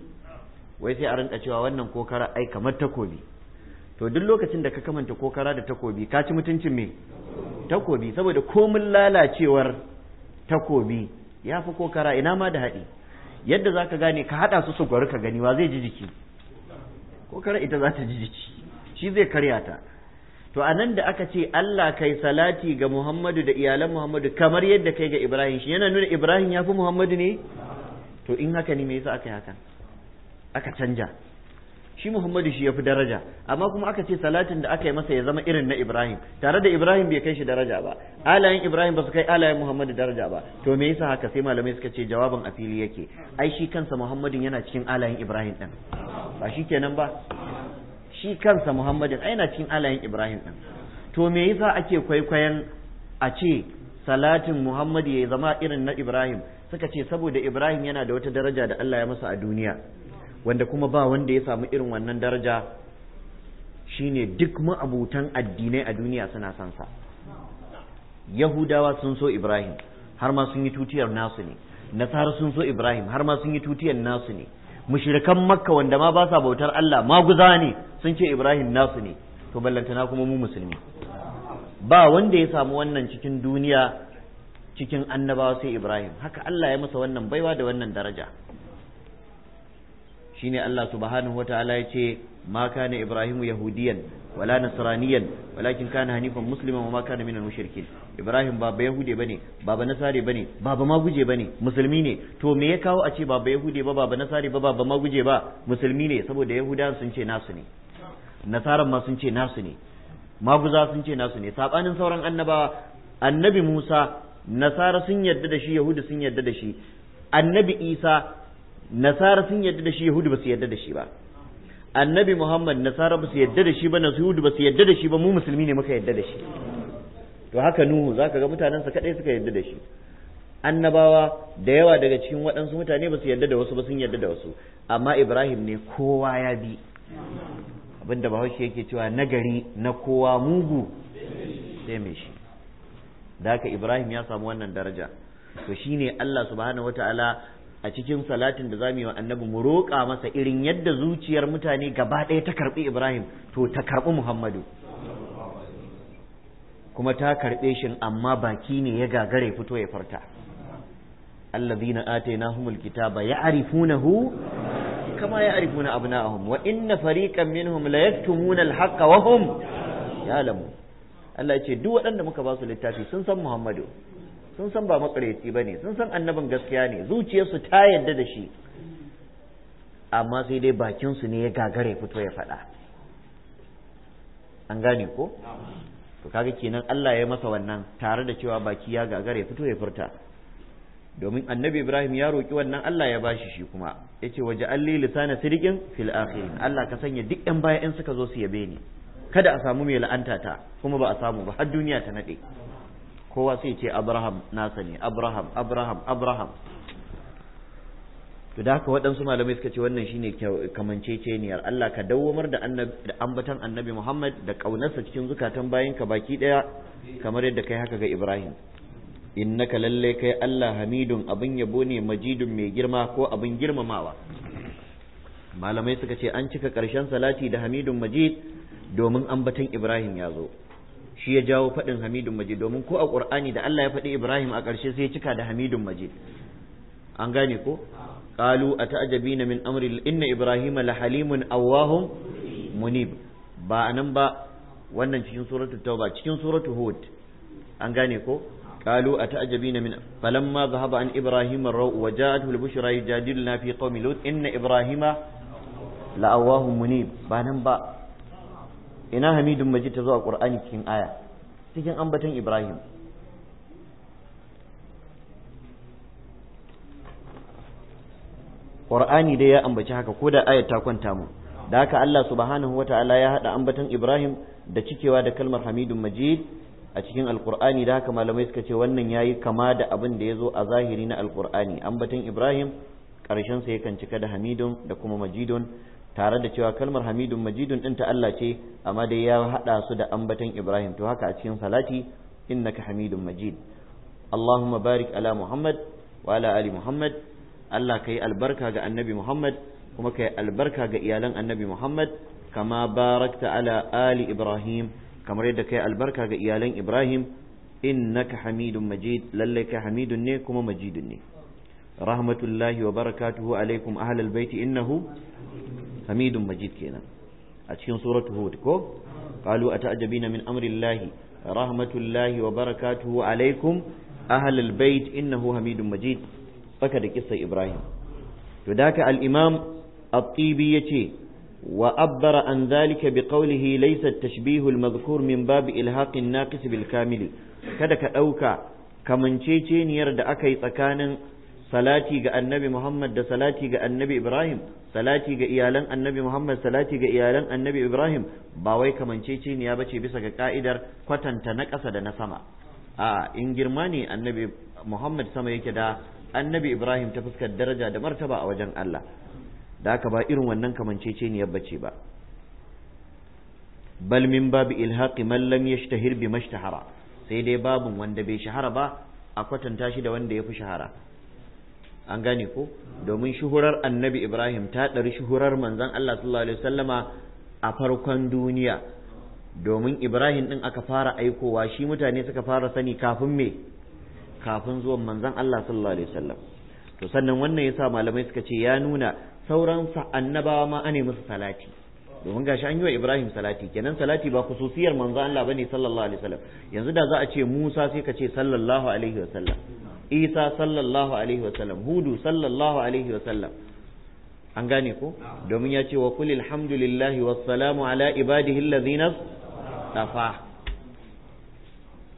wai sai a rinka cewa wannan kokara ai kamar takobi to duk lokacin da ka kamanta kokara da takobi ka ci mutuncin me takobi saboda komin lalacewar takobi ya fi kokara ina ma da haɗi yadda za ka gane ka haɗa su su gwari ka gani wa zai ji jiki kokara ita za ta ji jiki shi zai karya ta to a nan da aka ce Allah kai salati ga Muhammadu da iyalan Muhammadu kamar yadda kai ga Ibrahim shi yana nuna Ibrahim ya fi Muhammadu ne to in haka ne me yasa aka yi hakan aka canja shi Muhammadu shi ya fi daraja amma kuma aka ce salatin da aka yi masa ya zama irin na Ibrahim tare da Ibrahim bai kai shi daraja ba alayen Ibrahim ba su kai alayen Muhammadu daraja ba to me yasa haka sai malamai suka ce jawabin a fili yake ai shi kansa Muhammadu yana cikin alayen Ibrahim din ba shi kenan ba shi kansa muhammadin aina cikin alayin ibrahim din to me yasa ake kwaikwayon a ce salatin Muhammadu ya zama irin na ibrahim suka ce saboda ibrahim yana da wata daraja da allah ya masa a duniya wanda kuma ba wanda ya samu irin wannan daraja shine duk ma'abutan addinai a duniya suna son sa yahudawa sun so ibrahim har ma sun yi tutiyar nasu ne nasara sun so ibrahim har ma sun yi tutiyar nasu ne mushrikan makka wanda ma ba sa bautar Allah maguza ne sun ce Ibrahim nasu ne to ballantana kuma mu musulmi ba wanda ya samu wannan cikin duniya cikin annabawa sai Ibrahim haka Allah ya masa wannan baiwa da wannan daraja shine Allah subhanahu wataala ya ce ما كان إبراهيم يهوديا ولا نصرانيا ولكن كان حنيفا مسلما وما كان من المشركين إبراهيم بابا يهودي بني بابا نصاري بني بابا ما guje bane musulmi ne to me ya kawo a ce baba yahudi ba baba nasari ba baba ma ba musulmi ne saboda yahudawan sun ce nasu ne nasaran ma sun ce nasu ne maguza sun ce nasu ne sabanin sauran annabawa annabi Musa nasara sun yarda da shi yahudi sun yarda da shi annabi Isa nasara sun yarda da shi yahudi ba su yarda da shi ba annabi Muhammad nasara ba su yadda da shi ba na suhudu ba su yadda da shi ba mu musulmi ne muka yadda da shi to haka Nuhu za ka ga mutanensa kadai suka yadda da shi annabawa da yawa daga cikin waɗansu mutane ba su yadda da wasu ba sun yadda da wasu amma Ibrahim ne kowa ya bi abinda Bahaushe yake cewa nagari na kowa mugu sai mai shi da haka Ibrahim ya samu wannan daraja to shine Allah subhanahu wataala a cikin salatin da zamu yi wa annabi mu roƙa masa irin yadda zuciyar mutane gaba ɗaya ta karɓi Ibrahim to ta karɓi Muhammadu kuma ta karɓe shi amma baki ne ya gagare fito ya farta الذين kama الكتاب يعرفونه كما يعرفون أبناءهم وإن فريقا منهم ليكتمون wa hum ya'lamun Allah ya ce duk waɗanda muka ba su littafi sun san Muhammadu sun san ba makareci ba ne sun san annabin gaskiya ne zuciyarsu ta yadda da shi amma sai dai bakinsu ne ya gagare fito ya faɗa an gane ko to kaga kenan Allah ya masa wannan tare da cewa baki ya gagare fito ya furta domin annabi Ibrahim ya roƙi wannan Allah ya bashi shi kuma Ya ce waje alli lisana sirikin fil akhirin Allah ka sanya duk yan baya in suka zo su yabe ni kada a samu mai la'anta ta kuma ba a samu ba har duniya ta naɗe. kowa sai ce abraham nasa ne abraham abraham abraham to da haka waɗansu malamai suka ce wannan shine kamanceceniyar Allah ka dawwamar da ambatan annabi Muhammad da ƙaunarsa cikin zukatan bayan ka baki ɗaya kamar yadda kai haka ga Ibrahim innaka lalle kai Allah hamidun abin yabo ne majidun mai girma ko abin girmamawa malamai suka ce an cika ƙarshen salati da hamidun majid domin ambatan Ibrahim ya zo shi ya jawo faɗin hamidun majid domin ko a ƙur'ani da Allah ya faɗi Ibrahim a ƙarshe sai ya cika da hamidun majid an gane ko qalu ata'jabina min amri inna ibrahima lahalimun awahum munib ba anan ba wannan cikin suratul tauba cikin suratul hud an gane ko قالوا أتعجبين من فلما ذهب عن إبراهيم الروء وجاءته البشرى يجادلنا في قوم لوط إن إبراهيم لأواه منيب بانن با ina hamidun majid ta zo a ƙur'ani cikin aya cikin ambaton ibrahim ƙur'ani dai ya ambaci haka ko da ayat ta kwanta mu da haka Allah subhanahu ta'ala ya haɗa ambatan ibrahim da cikewa da kalmar hamidun majid a cikin Alƙur'ani da haka malamai suka ce wannan ya yi kama da abin da ya zo a zahiri na Alƙur'ani. Ambatan ibrahim ƙarshensa sa yakan cika da hamidun da kuma majidun tare da cewa kalmar hamidun majidun ɗin ta Allah ce amma dai ya haɗa su da ambaton Ibrahim to haka a cikin salati innaka hamidun majid Allahumma barik ala Muhammad wa ala ali Muhammad Allah kai albarka ga annabi Muhammad kuma kai albarka ga iyalan annabi Muhammad kama barakta ala ali Ibrahim kamar yadda kai albarka ga iyalan Ibrahim innaka hamidun majid lalle kai hamidun ne kuma majidun ne rahmatullahi wa barakatuhu alaikum ahlal baiti innahu hamidun majid kenan a cikin suratu hud ko qalu ata'jabina min amri llahi rahmatullahi wa barakatuhu alaikum ahlal bait innahu hamidun majid saka da kissa ibrahim to da haka al-imam at-tibi yace وأبر عن ذلك بقوله ليس min المذكور من باب إلهاق bil بالكامل kada ka ɗauka kamanceceniyar da aka yi tsakanin salati ga annabi Muhammad da salati ga annabi Ibrahim salati ga iyalan annabi Muhammad salati ga iyalan annabi Ibrahim ba wai kamanceceniya ba ce bisa ga ka'idar kwatanta na ƙasa da na sama a in girma ne annabi Muhammad sama yake da annabi Ibrahim ta fuskar daraja da martaba a wajen Allah da aka ba irin wannan kamanceceniyar bace ba bal min babu ilhaqi man lam yashtahir bi mashtahara sai dai babun wanda bai shahara ba a kwatanta shi da wanda ya fi shahara an gane ko domin shuhurar annabi ibrahim ta ɗari shuhurar manzan allah sallallahu alaihi wasallama a farkon duniya domin ibrahim ɗin aka fara aikowa shi mutane suka fara sani kafin me kafin zuwan manzan allah sallallahu alaihi wasallam to sannan wannan yasa malamai suka ce ya nuna sauran annabawa ma ane musu salati domin gashi an yi wa ibrahim salati kenan salati ba khususiyar manzan allah bane sallallahu alaihi wasallam yanzu da za a ce musa sai ka ce sallallahu alaihi wasallam isa sallallahu alaihi wasallam hudu sallallahu alaihi wasallam an gane ko domin ya ce wa kul alhamdulillahi wassalamu ala ibadihi alladhina safa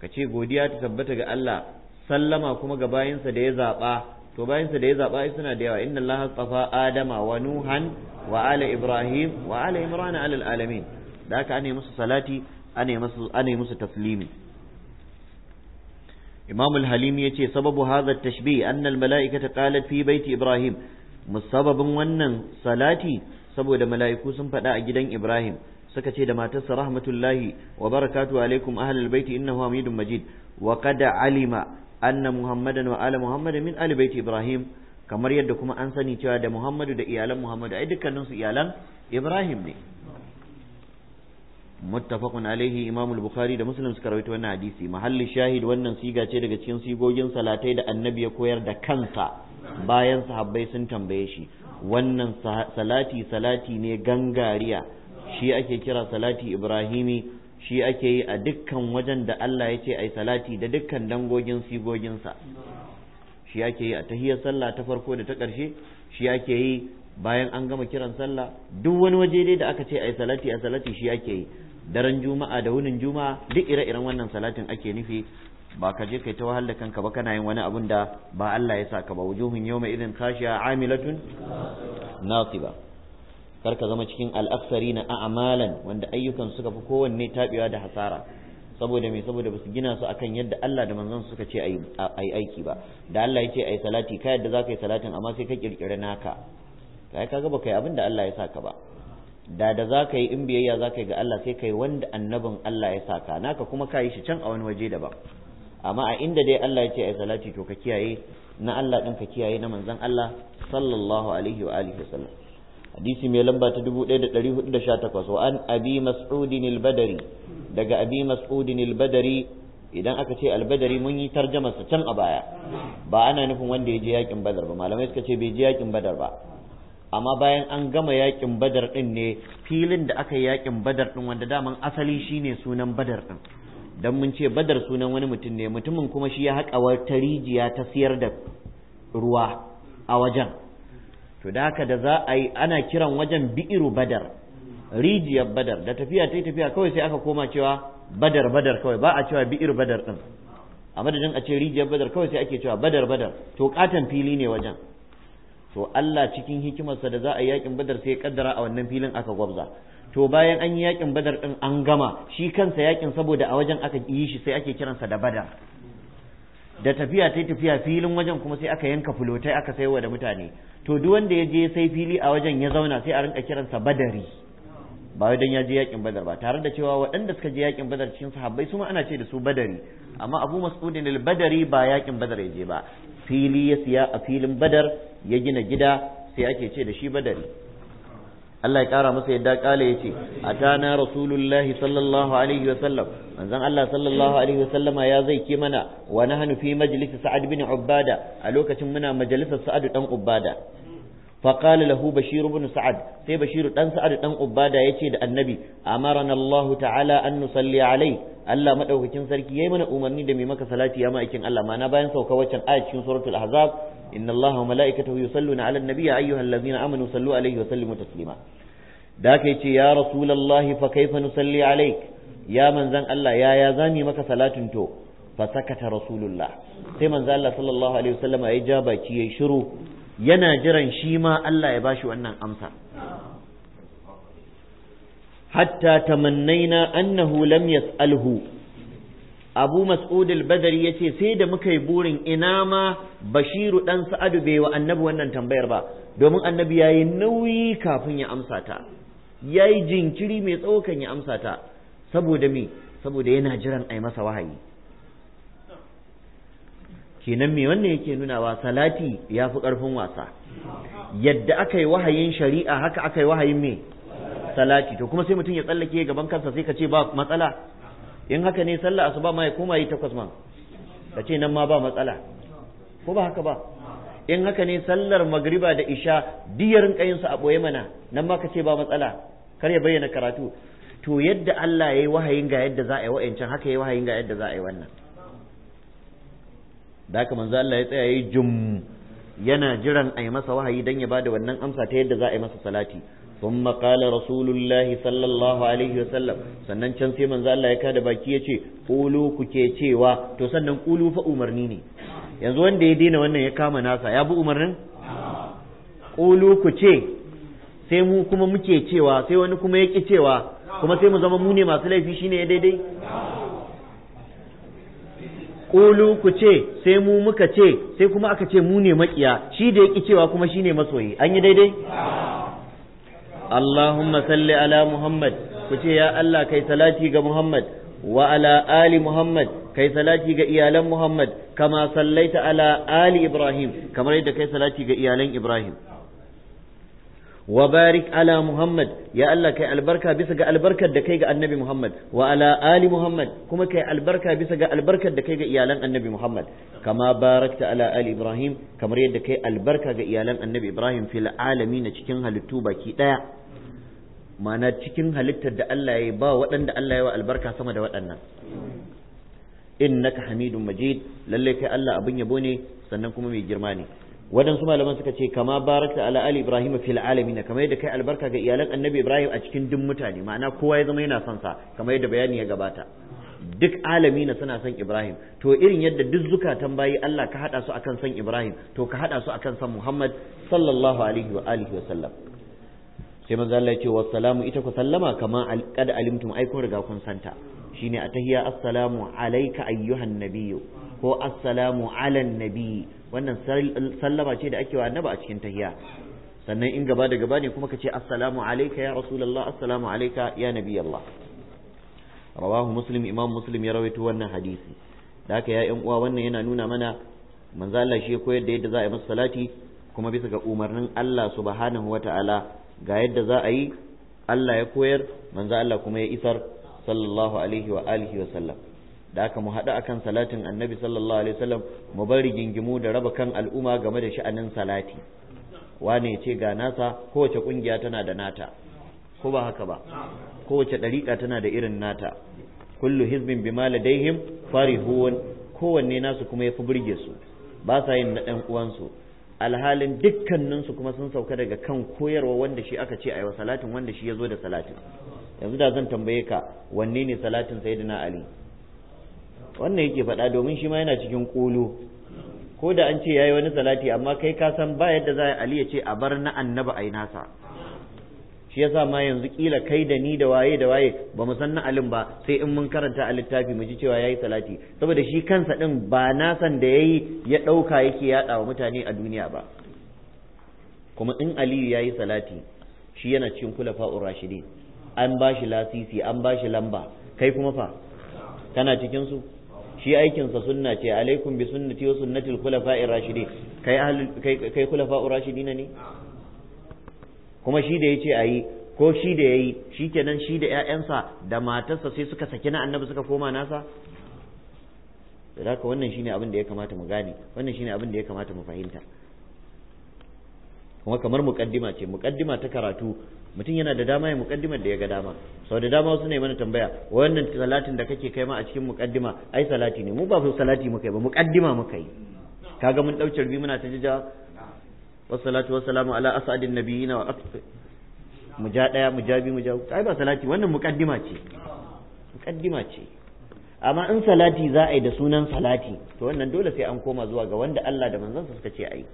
ka ce godiya ta tabbata ga Allah sallama kuma ga bayinsa da ya zaba to bayinsa da ya zaba ai suna da yawa inna allaha tsafa adama wa nuhan wa ala ibrahim wa ala imran ala alamin da aka ana musu salati ana musu ana musu taslimi imam al-halim ce sababu hadha tashbi anna malaikata qalat fi baiti ibrahim musababin wannan salati saboda mala'iku sun faɗa a gidan ibrahim suka ce da matarsa rahmatullahi wa barakatu alaikum ahlul baiti innahu hamidun majid wa qad alima anna muhammadan wa ala muhammadin min ali baiti ibrahim kamar yadda kuma an sani cewa da muhammadu da iyalan muhammadu ai dukkaninsu iyalan ibrahim ne muttafaqun alaihi imamul bukhari da muslim suka rawaito wannan hadisi mahalli shahid wannan siga ce daga cikin sigogin salatai da annabi ya koyar da kansa bayan sahabbai sun tambaye shi wannan salati salati ne gangariya shi ake kira salati ibrahimi shi ake yi a dukkan wajen da Allah ya ce ai salati da dukkan dangogin sigoginsa shi ake yi a tahiyar sallah ta farko da ta ƙarshe shi ake yi bayan an gama kiran sallah duk wani waje dai da aka ce ai salati a salati shi ake yi daren juma'a da wunin juma'a duk ire-iren wannan salatin ake nufi ba ka je kai ta wahal da kanka ba kana yin wani abun da ba Allah ya saka ba wujuhun yawma idin khashiya amilatun nasiba kar ka zama cikin al'aksari na a'malan wanda ayyukan suka fi kowanne tabewa da hasara saboda me saboda basu gina su akan yadda Allah da manzon suka ce ayi aiki ba da Allah ya ce ayi salati ka yadda zaka yi salatin amma sai ka kirkire naka kai kaga ba kai abin da Allah ya saka ba da da za ka yi in biyayya za ka yi ga Allah sai ka yi wanda annabin Allah ya saka naka kuma ka yi shi can a wani waje daban amma a inda dai Allah ya ce ai salati to ka kiyaye na Allah ɗin ka kiyaye na manzon Allah sallallahu alaihi wa alihi wasallam hadisi mai lamba ta 1418 wa an abi mas'udin al-badari daga abi mas'udin al-badari idan aka ce al badri mun yi tarjamar sa can a baya ba ana nufin wanda ya je yakin badar ba malamai suka ce bai je yakin badar ba amma bayan an gama yakin badar din ne filin da aka yi yakin badar din wanda daman asali shine sunan badar din dan mun ce badar sunan wani mutum ne mutumin kuma shi ya haƙa wata rijiya ta siyar da ruwa a wajen to da haka da za a yi ana kiran wajen bi'iru badar rijiyar badar da tafiya ta yi tafiya kawai sai aka koma cewa badar badar kawai ba a cewa bi'iru badar din a madadin a ce rijiyar badar kawai sai ake cewa badar badar to katon fili ne wajen to Allah cikin hikimarsa da za a yi yakin badar sai ya kaddara a wannan filin aka gwabza to bayan an yi yakin badar din an gama shi kansa yakin saboda a wajen aka yi shi sai ake kiransa da badar da tafiya ta tafiya filin wajen kuma sai aka yanka fulotai aka saiwa da mutane to duk wanda ya je sai fili a wajen ya zauna sai a rinka kiransa badari ba wai dan ya je yakin badar ba tare da cewa waɗanda suka je yakin badar cikin sahabbai su ma ana ce da su badari amma abu mas'udin al-badari ba yakin badar ya je ba fili ya siya a filin badar ya gina gida sai ake ce da shi badari Allah ya kara masa yadda kala ya ce a tana rasulullahi sallallahu alaihi wa sallam manzon Allah sallallahu alaihi wa sallama ya zai ke mana wa nahnu fi majlis sa'ad bin ubada a lokacin muna majalisar sa'adu dan ubada فقال له بشير بن سعد سي بشير دان سعد دان ya ce da annabi amarana Allah ta'ala an nusalli alai Allah madaukakin sarki yayi mana umarni da mai maka salati ya ma'aikin Allah mana bayan sauka waccan ayat cikin suratul ahzab inna Allah wa mala'ikatahu yusalluna 'alan nabiyyi ayyuhallazina amanu sallu alaihi wa sallimu taslima da kai ce ya rasulullah fa kaifa nusalli alaik ya manzan Allah ya ya zami maka salatin to fa sakata rasulullah sai manzan Allah sallallahu alaihi wasallama ya ja baki yayi shiru yana jiran shi ma Allah ya bashi wannan amsa hatta tamannaina annahu lam yas'alhu abu mas'ud al-badri yace sai da muka yi burin ina ma bashiru dan sa'adu bai wa annabi wannan tambayar ba domin annabi yayi nauyi kafin ya amsa ta yayi jinkiri mai tsawo kan ya amsa ta saboda me saboda yana jiran ai masa wahayi kenan me wannan yake nunawa salati ya fi ƙarfin wasa yadda aka yi wahayin shari'a haka aka yi wahayin me salati to kuma sai mutum ya tsallake gaban kansa sai ka ce ba matsala in haka ne sallah asuba ma ya koma yi takwas ma ka ce nan ma ba matsala ko ba haka ba in haka ne sallar magriba da isha diyarin su a boye mana nan ma ka ce ba matsala kar ya bayyana karatu to yadda Allah ya yi wahayin ga yadda za a yi wa'ancan haka ya yi wahayin ga yadda za a yi wannan da haka manzo Allah ya tsaya yayi jum yana jiran a yi masa wahayi dan ya bada wannan amsa ta yadda za a yi masa salati thumma qala rasulullahi sallallahu alaihi wa sallam sannan can sai manzo Allah ya kada baki yace qulu kuke cewa to sannan qulu fa umarni ne yanzu wanda ya daina wannan ya kama nasa ya bi umarnin qulu ku ce sai mu kuma muke cewa sai wani kuma ya ki cewa kuma sai mu zama mu ne masu laifi shine ya daidai ƙulu ku ce sai mu muka ce sai kuma aka ce mu ne maƙiya shi da yaki cewa kuma shi ne masoyi an yi daidai Allahumma salli ala Muhammad ku ce ya Allah kai salati ga Muhammad wa ala ali Muhammad kai salati ga iyalan Muhammad kama sallaita ala ali Ibrahim kamar yadda kai salati ga iyalan Ibrahim wa barik ala muhammad ya Allah kai albarka bisa ga albarkar da kai ga annabi muhammad wa ala ali muhammad kuma kai albarka bisa ga albarkar da kai ga iyalan annabi muhammad kama barakta ala ali ibrahim kamar yadda kai albarka ga iyalan annabi ibrahim fil alamin cikin halittu baki daya ma'ana cikin halittar da Allah ya ba waɗanda Allah ya wa albarka sama da waɗannan innaka hamidun majid lalle kai Allah abin yabo ne sannan kuma mai girma ne waɗansu malaman suka ce kama barakta ala ali ibrahim fil alamin kamar yadda kai albarka ga iyalan annabi ibrahim a cikin duk mutane ma'ana kowa ya zama yana son sa kamar yadda bayani ya gabata duk alamina suna son ibrahim to irin yadda duk zukatan bayi Allah ka hada su akan son ibrahim to ka hada su akan son muhammad sallallahu alaihi wa alihi wa sallam sai manzo Allah ya ce wassalamu ita ku sallama kama qad alimtum ai kun riga kun santa shine atahiyya assalamu alayka ayyuhan nabiyyu ko assalamu ala nabiyyi wannan sallama ce da ake wa annaba a cikin tahiya sannan in gaba da gaba ne kuma ka ce assalamu alayka ya rasulullah assalamu alayka ya nabi allah rawahu muslim imam muslim ya rawaito wannan hadisi da haka ya yan uwa wannan yana nuna mana manzo Allah shi ya koyar da yadda za a yi masa salati kuma bisa ga umarnin Allah subhanahu wataala ga yadda za a yi Allah ya koyar manzo Allah kuma ya isar sallallahu alaihi wa alihi wa sallam da aka mu haɗu akan salatin annabi sallallahu alaihi wasallam mu bari rigingimu da raba kan al'umma game da sha'anin salati wane ce ga nasa kowace kungiya tana da nata ko ba haka ba kowace ɗariƙa tana da irin nata kullu hizbin bima ladaihim farihun kowanne nasu kuma yafi burge su ba sa yin na ɗan uwansu alhalin dukkaninsu kuma sun sauka daga kan koyarwa wanda shi aka ce a salatin wanda shi ya zo da salatin yanzu da zan tambaye ka wanne ne salatin sayyidina ali wannan yake faɗa domin shi ma yana cikin ƙulu ko da an ce yayi wani salati amma kai ka san ba yadda za Ali ya ce a bar na annabi yi nasa shi yasa ma yanzu kila kai da ni da waye da waye ba mu san na alin ba sai in mun karanta a littafi mu ji cewa ya yi salati saboda shi kansa ɗin ba na san da yayi ya ɗauka yake yaɗa wa mutane a duniya ba kuma in Aliyu yayi salati shi yana cikin kulafa rashidin an ba shi lasisi an ba shi lamba kai kuma fa kana cikin su shi aikinsa sa sunna ce alaikum bi sunnati wa sunnati al-khulafa'ir rashidin kai ahli kai kai khulafa'ur rashidin ne kuma shi da yace ayi ko shi da yayi shikenan shi da ƴaƴansa da matarsa sai suka saki na annabi suka koma nasa da haka wannan shine abin da ya kamata mu gane wannan shine abin da ya kamata mu fahimta kuma kamar mukaddima ce mukaddima ta karatu mutum yana da dama ya mukaddimar da ya ga dama sau da dama wasu ne mana tambaya wannan salatin da kake kai ma a cikin mukaddima ai salati ne mu ba su salati muka yi ba mukaddima muka yi kaga mun dauce rubi muna ta jija wassalatu wassalamu ala asadin nabiyina wa aqsa mu ja daya mu ja bi mu ja ai ba salati wannan mukaddima ce mukaddima ce amma in salati za a yi da sunan salati to wannan dole sai an koma zuwa ga wanda Allah da manzansa suka ce ai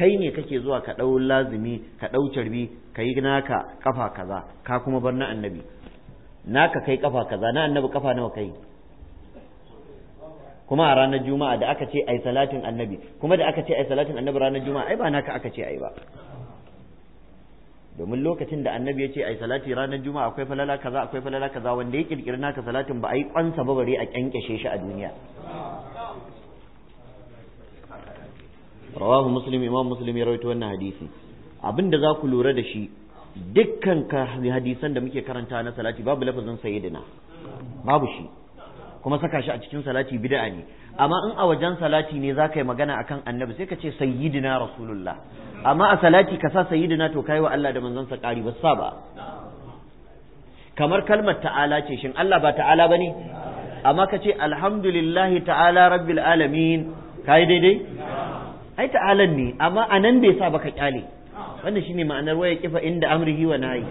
kai ne kake zuwa ka ɗau lazumi ka ɗau carbi ka yi naka kafa kaza ka kuma bar na annabi naka kai kafa kaza na annabi kafa nawa kai kuma a ranar juma'a da aka ce ai salatin annabi kuma da aka ce ai salatin annabi ranar juma'a ai ba naka aka ce ai ba domin lokacin da annabi ya ce ai salati ranar juma'a akwai falala kaza akwai falala kaza wanda ya kirkiri naka salatin ba ai kwansa ba bare a kyankyashe shi a duniya rawahu muslim imam muslim ya rawaito wannan hadisi abinda za ku lura da shi dukkan hadisan da muke karanta na salati babu lafazin sayyidina babu shi kuma saka shi a cikin salati bid'a ne amma in a wajen salati ne za ka yi magana akan annabi sai ka ce sayyidina rasulullah amma a salati ka sa sayyidina to kai wa Allah da manzon sa kari ba sa ba kamar kalmar ta'ala ce shin Allah ba ta'ala bane amma ka ce alhamdulillahi ta'ala rabbil alamin kai daidai ai ta'alan ne amma anan bai sa baka kyale wannan shine ma'anar waya kifa inda amrihi wa nayi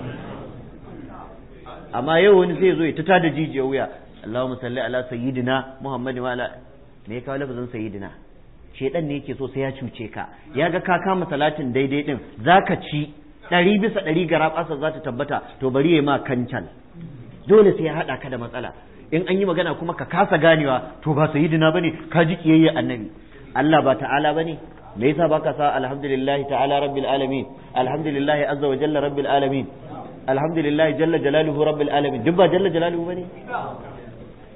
amma yau wani zai zo ya tuta da jijiyar wuya Allahumma salli ala sayyidina Muhammad wa ala me ya kawo lafazin sayyidina shedan ne yake so sai ya cuce ka ya ga ka kama salatin daidai din zaka ci ɗari bisa ɗari gara ƙasa za ta tabbata to bari ya ma kancan dole sai ya haɗa ka da matsala in an yi magana kuma ka kasa ganewa to ba sayyidina bane ka ji kiyayya annabi Allah ba ta'ala bane me yasa baka sa alhamdulillahi ta'ala rabbil alamin alhamdulillahi azza wa jalla rabbil alamin alhamdulillahi jalla jalaluhu rabbil alamin duk ba jalla jalaluhu bane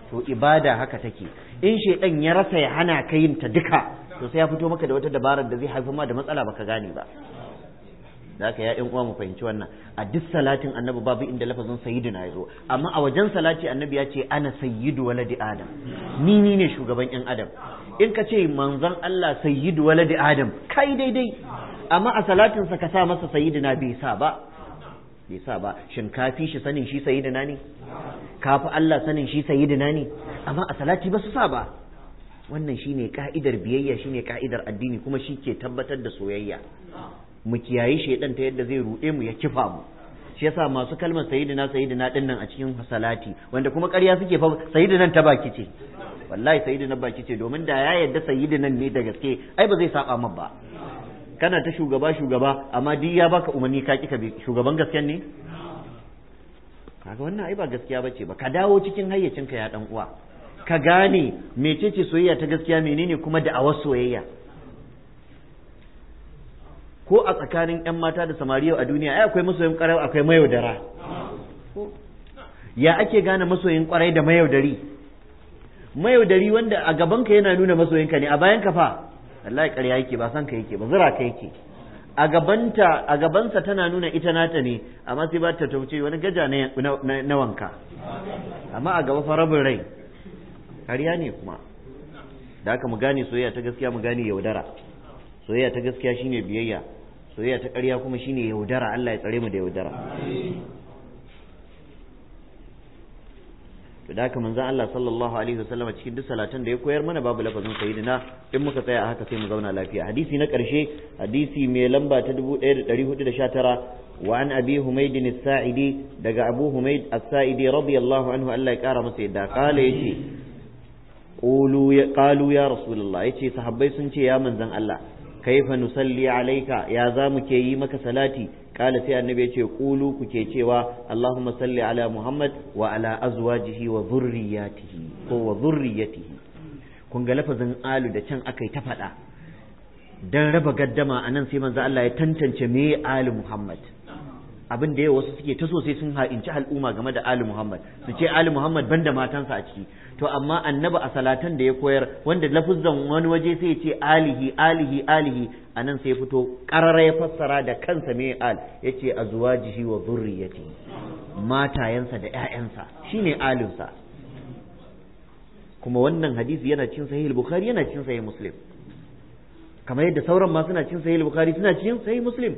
to ibada haka take in shedan ya rasa ya hana ka yinta ta duka to sai ya fito maka da wata dabarar da zai haifar ma da matsala baka gane ba da haka ya uwa mu fahimci wannan a duk salatin annabi babu inda lafazin sayyidina ya zo amma a wajen salati annabi ya ce ana sayyidu waladi adam ni ni ne shugaban yan adam in ka ce manzon Allah sayyidu waladi adam kai daidai amma a salatin sa ka sa masa sayyidina bai sa ba bai sa ba shin ka fi shi sanin shi sayyidina ne ka fi Allah sanin shi sayyidina ne amma a salati ba su sa ba wannan shine ka'idar biyayya shine ka'idar addini kuma shi ke tabbatar da soyayya mu kiyayi shaidan ta yadda zai ruɗe mu ya kifa mu shi yasa masu kalmar sayyidina sayyidina din nan a cikin salati wanda kuma ƙarya suke fa sayyidinan ta baki ce wallahi sayyidinan baki ce domin da ya yadda sayyidinan ne da gaske ai ba zai saba mu ba kana ta shugaba shugaba amma duk ya baka umarni ka kika bi shugaban gasken ne kaga wannan ai ba gaskiya bace ba ka dawo cikin hayyacinka ya dan uwa ka gane mecece soyayya ta gaskiya menene kuma da'awar soyayya ko a tsakanin 'yan mata da samari a duniya ai akwai masoyin ƙwarai akwai mayaudara ya ake gane masoyin ƙwarai da mayaudari mayaudari wanda a gaban ka yana nuna masoyinka ne a bayan ka fa wallahi ƙarya yake ba san ka yake ba zira ka yake a gabanta a gabansa tana nuna ita nata ne amma sai ba ta tauce wani gaja na wanka amma a gaba farabin rai ƙarya ne kuma da aka mu gane soyayya ta gaskiya mu gane yaudara soyayya ta gaskiya shine biyayya soyayya ta ƙarya kuma shine yaudara Allah ya tsare mu da yaudara to da haka manzon Allah sallallahu alaihi wasallam cikin duk salatan da ya koyar mana babu lafazin sayyidina in muka tsaya a haka sai mu zauna lafiya hadisi na ƙarshe hadisi mai lamba ta 1419 wa an abi humaid bin saidi daga abu humaid as-sa'idi radiyallahu anhu Allah ya kara masa yadda kala yace qulu ya qalu ya rasulullah yace sahabbai sun ce ya manzan Allah kaifa nusalli alayka ya za mu ke yi maka salati kala sai annabi ya ce qulu ku ke cewa allahumma salli ala muhammad wa ala azwajihi wa dhurriyyatihi ko wa dhurriyyatihi kun ga lafazin alu da can akai ta faɗa dan raba gaddama anan sai manzo Allah ya tantance me alu muhammad abin da yawa wasu suke ta so sai sun ha'inci al'umma game da Ali Muhammad su ce Ali Muhammad banda matansa a ciki to amma annaba a salatan da ya koyar wanda lafuzzan wani waje sai ya ce alihi alihi alihi a nan sai fito karara ya fassara da kansa me al ya ce a zuwa jihi wa ce. matayensa da ƴaƴansa shine alinsa kuma wannan hadisi yana cikin sahih bukhari yana cikin sahih muslim kamar yadda sauran ma suna cikin sahih bukhari suna cikin sahih muslim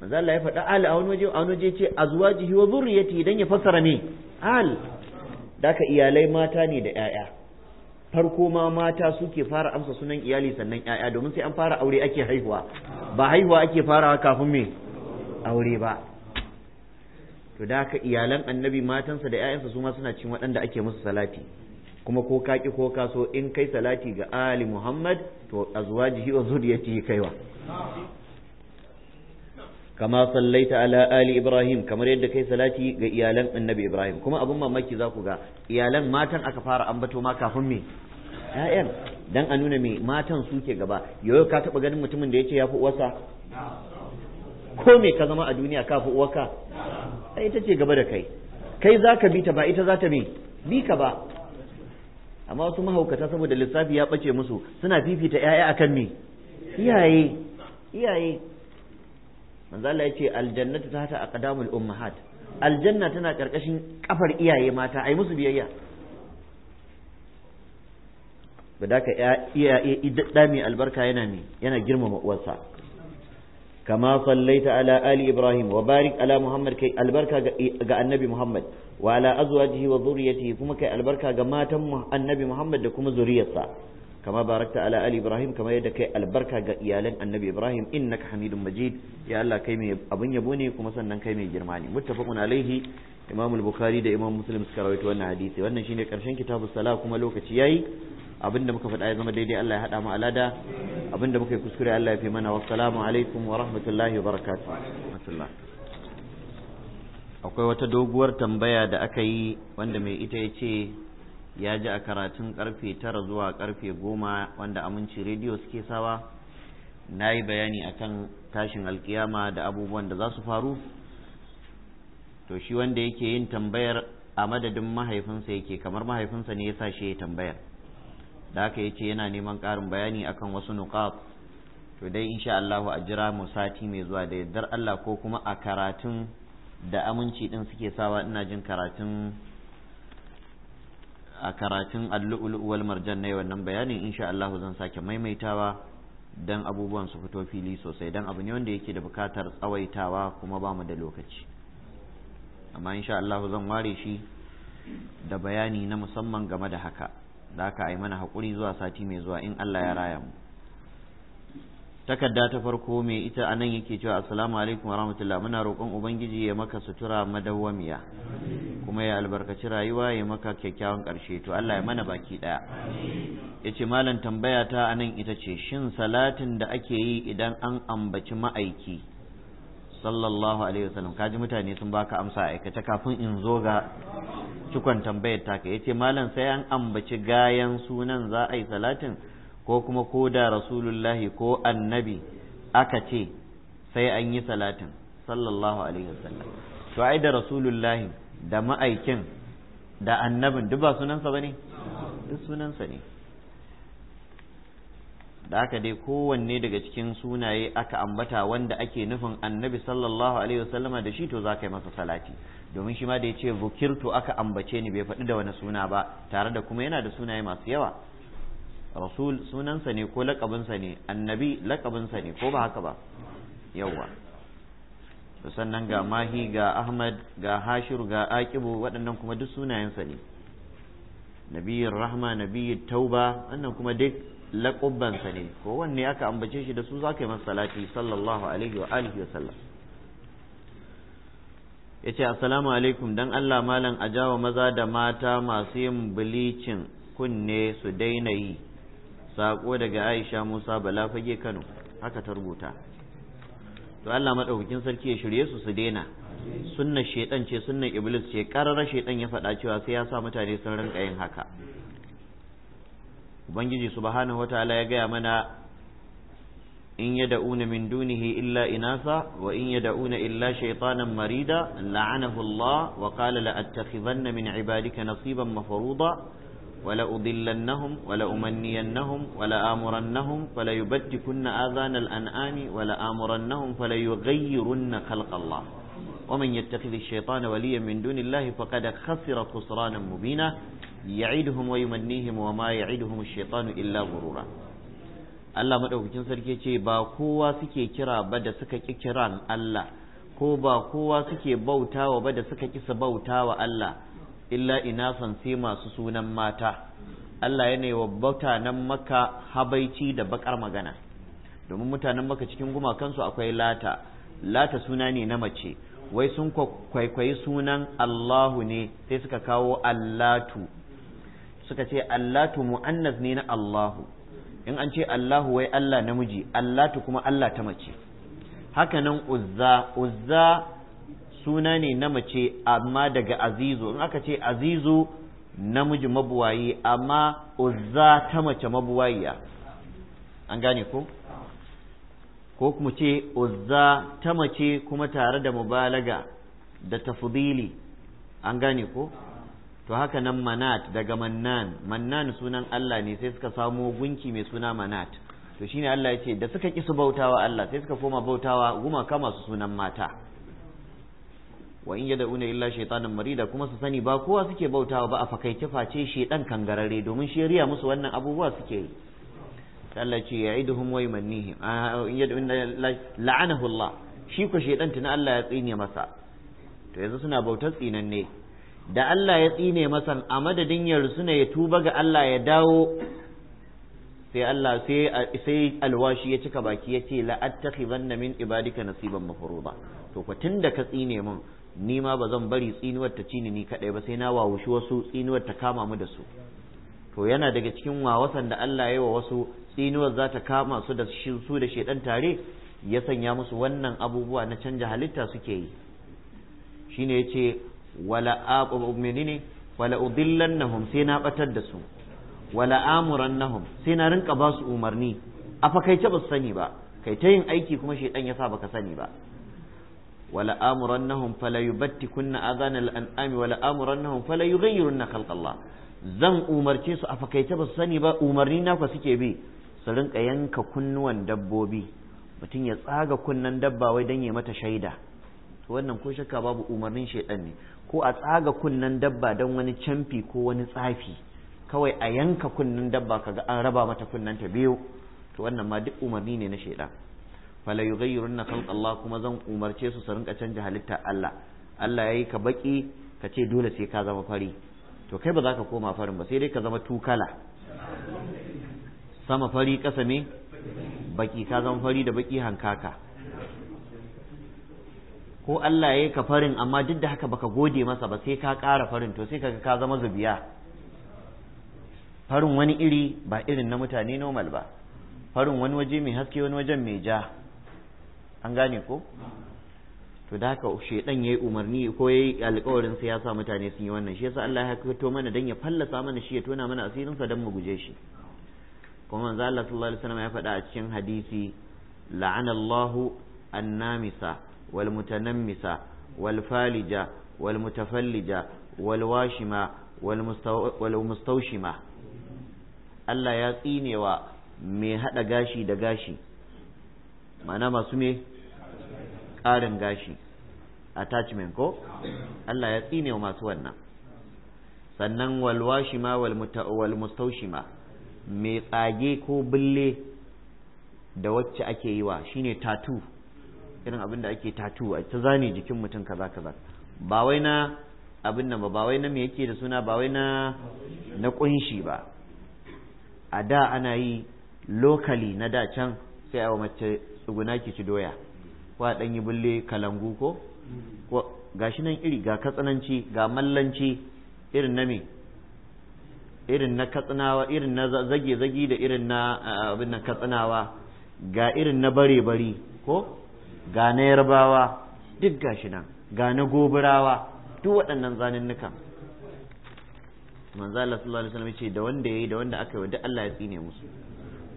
manzo Allah ya faɗa al a wani waje a wani waje ce azwajihi wa zurriyati dan ya fassara me al daka iyalai mata ne da 'ya'ya. farko ma mata suke fara amsa sunan iyali sannan 'ya'ya domin sai an fara aure ake haihuwa ba haihuwa ake farawa kafin me aure ba to daka iyalan annabi matansa da ƴaƴansa su ma suna cin waɗanda ake musu salati kuma ko ka ko ka in kai salati ga ali muhammad to azwajihi wa zurriyati kaiwa kama sallaita ala ali ibrahim kamar yadda kai salati ga iyalan annabi ibrahim kuma abin mamaki za ku ga iyalan matan aka fara ambato ma kafin me ƴaƴan dan a nuna me matan suke gaba yau ka taba ganin mutumin da yace ya fi uwarsa ko me ka zama a duniya ka fi uwarka ita ce gaba da kai kai za ka bi ta ba ita za ta bi ka ba amma wasu mahaukata saboda lissafi ya bace musu suna fifita ƴaƴa akan me iyaye manzo Allah yace aljannatu tahta aqdamul ummahat aljanna tana karkashin kafar iyaye mata ai musu biyayya ba ka iyaye idda mai albarka yana ne yana girmama uwarsa kama sallaita ala ali ibrahim wa barik ala muhammad kai albarka ga annabi muhammad wa ala azwajihi wa dhurriyyatihi kuma kai albarka ga matan annabi muhammad da kuma zuriyarsa kama barakta ala ali ibrahim kama yadda kai albarka ga iyalan annabi ibrahim innaka hamidun majid ya Allah kai mai abun yabo ne kuma sannan kai mai girma ne muttafaqun alaihi imamul bukari da imam muslim suka rawaito wannan hadisi wannan shine karshen kitabus sala kuma lokaci yayi abinda muka faɗa ya zama daidai Allah ya haɗa mu alada abinda muka yi kuskure Allah ya fi mana wassalamu alaikum wa rahmatullahi wa barakatuh akwai wata doguwar tambaya da aka yi wanda mai ita ya ce ya ji a karatun karfe tara zuwa karfe goma wanda aminci rediyo suke sawa na yi bayani akan tashin alkiyama da abubuwan da za su faru to shi wanda yake yin tambayar a madadin mahaifinsa yake kamar mahaifinsa ne ya sa shi ya tambayar da haka ya ce yana neman ƙarin bayani akan wasu nuqat to dai insha Allahu a jira mu sati mai zuwa da yardar Allah ko kuma a karatun da aminci din suke sawa ina jin karatun a karatun allu'ulu wal marjan na wannan bayanin insha Allah zan sake maimaitawa don abubuwan su fito fili sosai don abu ne wanda yake da bukatar tsawaitawa kuma ba mu da lokaci amma insha Allah zan ware shi da bayani na musamman game da haka da aka ai mana haƙuri zuwa sati mai zuwa in Allah ya raya mu takarda ta farko mai ita anan yake cewa assalamu alaikum warahmatullahi muna roƙon ubangiji ya maka sutura madawwamiya kuma ya albarkaci rayuwa ya maka kyakkyawan ƙarshe to Allah ya mana baki daya yace malam tambaya ta anan ita ce shin salatin da ake yi idan an ambaci ma'aiki sallallahu alaihi wasallam kaji mutane sun baka amsa aikata kafin in zo ga cikon tambayar taka yace malam sai an ambaci gayan sunan za a yi salatin ko kuma ko da rasulullahi ko annabi aka ce sai an yi salatin sallallahu alaihi wasallam to ai da rasulullahi da ma'aikin da annabin duk ba sunansa ba ne duk sunansa ne da aka dai kowanne daga cikin sunaye aka ambata wanda ake nufin annabi sallallahu alaihi wasallama da shi to za ka yi masa salati domin shi ma da ya ce vukirtu aka ambace ni bai faɗi da wani suna ba tare da kuma yana da sunaye masu yawa rasul sunansa ne ko lakabinsa ne annabi lakabinsa ne ko ba haka ba yawa to sannan ga mahi ga ahmad ga hashir ga aqibu waɗannan kuma duk sunayensa ne nabiyin rahma nabiyin tauba wannan kuma duk laƙubbansa ne ko wanne aka ambace shi da su zaka ka yi masalati sallallahu alaihi wa alihi wa sallam ya assalamu alaikum don allah malam ajawa maza da mata masu yin bilicin kunne su daina yi saƙo daga Aisha Musa Bala fage Kano haka ta rubuta to Allah madaukakin sarki ya shirye su su daina sunna shedan ce sunnar iblis ce karara shaiɗan ya faɗa cewa sai ya sa mutane sun rinka yin haka ubangiji subhanahu wataala ya gaya mana in yad'una min dunihi illa inasa wa in yad'una illa shaytanan marida la'anahu Allah wa qala la attakhibanna min ibadika nasiban mafruḍa ولأضلنهم ولأمنينهم ولآمرنهم فليبتكن آذان الأنعام ولآمرنهم فليغيرن خلق الله ومن يتخذ الشيطان وليا من دون الله فقد خسر خسرانا مبينا يعدهم ويمنيهم وما يعدهم الشيطان إلا غرورا Allah madaukakin sarki ce ba kowa suke kira ba da suka ki kiran Allah ko ba kowa suke bautawa ba da suka ki bautawa Allah illa inasan sai masu sunan mata Allah yana wa mutanen maka habaici da bakar magana domin mutanen maka cikin gumakansu akwai lata lata suna ne na mace wai sun kwaikwayi sunan Allahu ne sai suka kawo allatu suka ce allatu mu'annas ne na Allahu in an ce Allahu wai Allah namiji allatu kuma Allah ta mace haka nan uzza uzza suna ne na mace amma daga azizu in aka ce azizu namiji mabuwayi amma uzza ta mace mabuwayiya an gane ko ko kuma ce uzza ta mace kuma tare da mubalaga da tafdili an gane ko to haka nan manat daga mannan mannan sunan Allah ne sai suka samo gunki mai suna manat to shine Allah ya ce da suka ki su bautawa Allah sai suka koma bautawa gumaka masu sunan mata wa in una illa shaytanan marida kuma su sani ba kowa suke bautawa ba a fakaice face shedan kangarare domin shi riya musu wannan abubuwa suke yi Allah ce ya'iduhum wa yumannihim in illa la'anahu Allah shi ko tuna Allah ya tsine masa to yanzu suna bautar tsinanne da Allah ya tsine masa a madadin ya ya tuba ga Allah ya dawo sai Allah sai alwashi ya cika baki ya ce la'attakhibanna min ibadika nasiban mafruda to ko tunda ka tsine mun ni ma ba zan bari tsinuwar ta cini ni kaɗai ba sai na wawushi wasu tsinuwar ta kama mu da su to yana daga cikin wawasan da Allah ya wa wasu tsinuwar za ta kama su da su da shedan tare ya sanya musu wannan abubuwa na canja halitta suke yi shine yace wala aqu mu'minini wala udillannahum sai na batar da su wala amurannahum sai na rinka ba su umarni kai fakaice ba su sani ba kai ta yin aiki kuma shedan ya sa baka sani ba wala amurannahum fala yubattikunna adhanal an'ami wala amurannahum fala yughayyirunna zan umarce su a fakaita ba su sani ba umarni na ku suke bi su rinka yanka kunnuwan dabbobi mutum ya tsaga kunnan dabba wai dan ya mata shaida to wannan ko shakka babu umarnin shaidan ne ko a tsaga kunnan dabba don wani camfi ko wani tsafi kawai a yanka kunnan dabba kaga an raba mata kunnan ta biyu to wannan ma duk umarni ne na shaidan fala yughayyirunna khalq Allah kuma zan umarce su su rinka canja halitta Allah Allah yayi ka baki ka ce dole sai ka zama fari to kai ba za ka koma farin ba sai dai ka zama tukala sama fari ƙasa me baki ka zama fari da baki hankaka ko Allah ya yi ka farin amma duk da haka baka gode masa ba sai ka ƙara farin to sai kaga ka zama zubiya farin wani iri ba irin na mutane normal ba farin wani waje mai haske wani wajen mai ja an gane ko to da haka shedan yayi umarni ko yayi alƙawarin sai ya sa mutane sun yi wannan shi yasa Allah ya kato mana dan ya fallasa mana shi ya tona mana asirin sa dan mu guje shi kuma manzo Allah sallallahu alaihi wasallam ya faɗa a cikin hadisi la'ana Allah annamisa wal mutanammisa wal falija wal mutafallija wal washima wal mustawshima Allah ya tsinewa mai hada gashi da gashi ma'ana masu me ƙarin gashi attachment ko Allah ya tsine wa masu wannan sannan walwashi ma wal mustaushi ma mai tsage ko bille da wacce ake yi wa shine tatu irin abin da ake tatu a ta zane jikin mutum kaza kaza ba wai na abin nan ba ba wai na me yake da suna ba wai na na kunshi ba a da ana yi lokali na da can sai a mace tsuguna ki ci doya wa dan yi bulle kalangu ko gashi nan iri ga katsananci ga mallanci irin na me irin na katsinawa irin na zage-zage da irin na abin nan katsinawa ga irin na bare-bari ko ga na yarbawa duk gashi nan ga na goburawa duk waɗannan zanennukan manzo Allah sallallahu alaihi wasallam ce da wanda yayi da wanda aka yi duk Allah ya tsine musu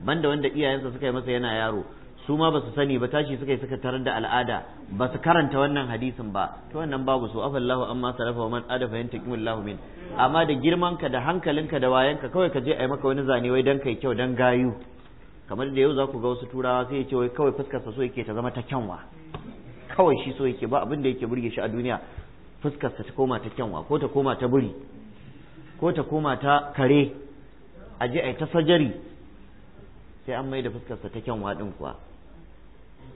banda wanda iyayensa suka yi masa yana yaro su ma ba su sani ba tashi suka yi suka tarar da al'ada ba su karanta wannan hadisin ba to wannan babu su afallahu amma salafa wa man ada fahimta kimillahu min amma da girmanka da hankalinka da wayanka kawai ka je a yi maka wani zane wai dan kai kyau dan gayu kamar da yau za ku ga wasu turawa sai ya ce wai kawai fuskarsa so yake ta zama ta kyanwa kawai shi so yake ba abin da yake burge shi a duniya fuskarsa ta koma ta kyanwa ko ta koma ta buri ko ta koma ta kare a je a yi ta sajari sai an mai da fuskarsa ta kyanwa din kuwa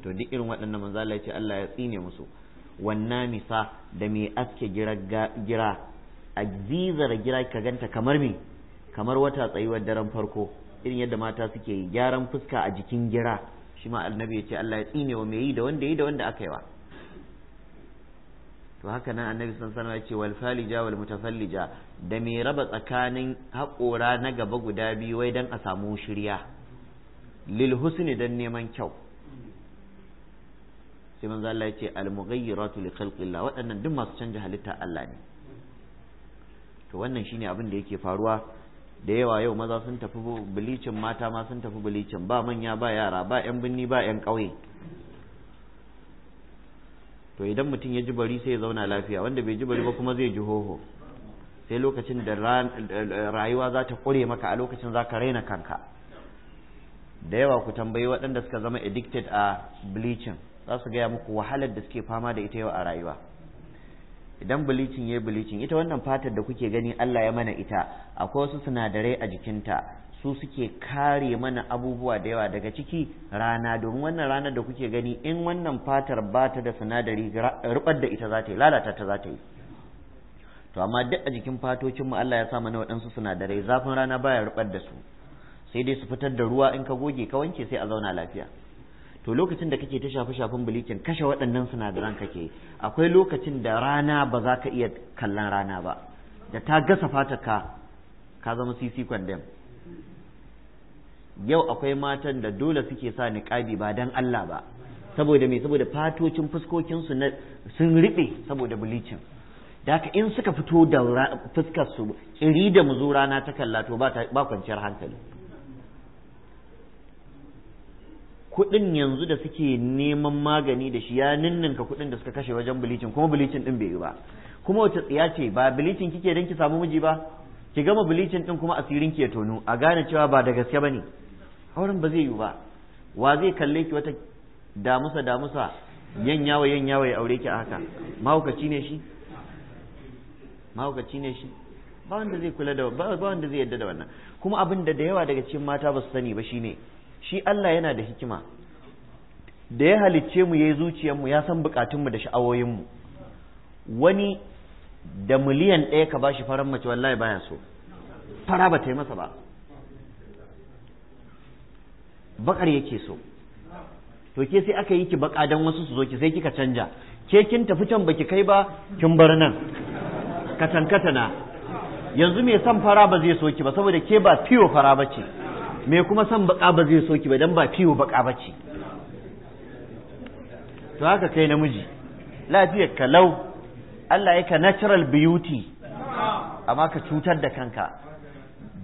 to duk irin waɗannan manzo Allah ya ce Allah ya tsine musu wannan misa da mai aske gira gira azizar gira ka ganta kamar me kamar wata tsayuwar daren farko irin yadda mata suke yi gyaran fuska a jikin gira shi ma annabi ya ce Allah ya tsine wa mai yi da wanda yi da wanda aka yi wa to haka nan annabi sun sanar ce wal falija wal mutafallija da mai raba tsakanin haƙora na gaba guda biyu wai dan a samu shirya lil husni dan neman kyau sai manzo Allah ya ce al-mughayyiratu li khalqillah waɗannan duk masu canja halitta Allah ne to wannan shine abin da yake faruwa da yawa yau maza sun tafi bilicin mata ma sun tafi bilicin ba manya ba yara ba yan binni ba yan ƙauye to idan mutum ya ji bari sai ya zauna lafiya wanda bai ji bari ba kuma zai ji hoho sai lokacin da rayuwa za ta ƙure maka a lokacin za ka raina kanka da yawa ku tambayi waɗanda suka zama addicted a bleaching za su gaya muku wahalar da suke fama da ita yau a rayuwa idan bilicin ya bilicin ita wannan fatar da kuke gani Allah ya mana ita akwai wasu sinadarai a jikinta su suke kare mana abubuwa da yawa daga ciki rana domin wannan ranar da kuke gani in wannan fatar ba ta da sinadari rubar da ita za ta yi lalata ta za ta yi to amma duk a jikin fatocinmu Allah ya sa mana waɗansu sinadarai zafin rana baya rubar da su sai dai su fitar da ruwa in ka goge ka wanke sai a zauna lafiya to lokacin da kake ta shafe shafen bilicin kashe waɗannan sinadaran kake akwai lokacin da rana ba za ka iya kallon rana ba da ta gasa fata ka ka zama sisi kwandam yau akwai matan da dole suke sa niƙabi ba don Allah ba saboda me saboda fatocin fuskokinsu sun riɓe saboda bilicin da haka in suka fito da fuskarsu iri da zo rana ta kalla to ba kwanciyar hankali kuɗin yanzu da suke neman magani da shi ya ninninka kuɗin da suka kashe wajen bilicin kuma bilicin ɗin bai yi ba kuma wace tsiya ce ba bilicin kike don ki samu miji ba ki gama bilicin ɗin kuma asirin ki ya tonu a gane cewa ba da gaske ba ne auren ba zai yi ba wa zai kalle ki wata damusa damusa yan yawa yan yawa ya aure ki a haka mahaukaci ne shi mahaukaci ne shi ba wanda zai kula da ba wanda zai yadda da wannan kuma abin da da yawa daga cikin mata ba su sani ba shine ne shi Allah yana da hikima da ya halicce mu ya yi zuciyarmu ya san bukatunmu da sha'awoyinmu wani da miliyan ɗaya ka bashi farar mace wallahi baya so fara ba ta yi masa ba bakar yake so to ke sai aka yi ki baka don wasu su zo ki sai kika canja ke kin tafi can baki kai ba kin bar nan katankatana yanzu mai san fara ba zai so ki ba saboda ke ba fiyo fara ba ce me kuma san baka ba zai soki ba dan ba fiwo baka bace to haka kai namiji lafiyar ka lau Allah yaka natural beauty amma ka cutar da kanka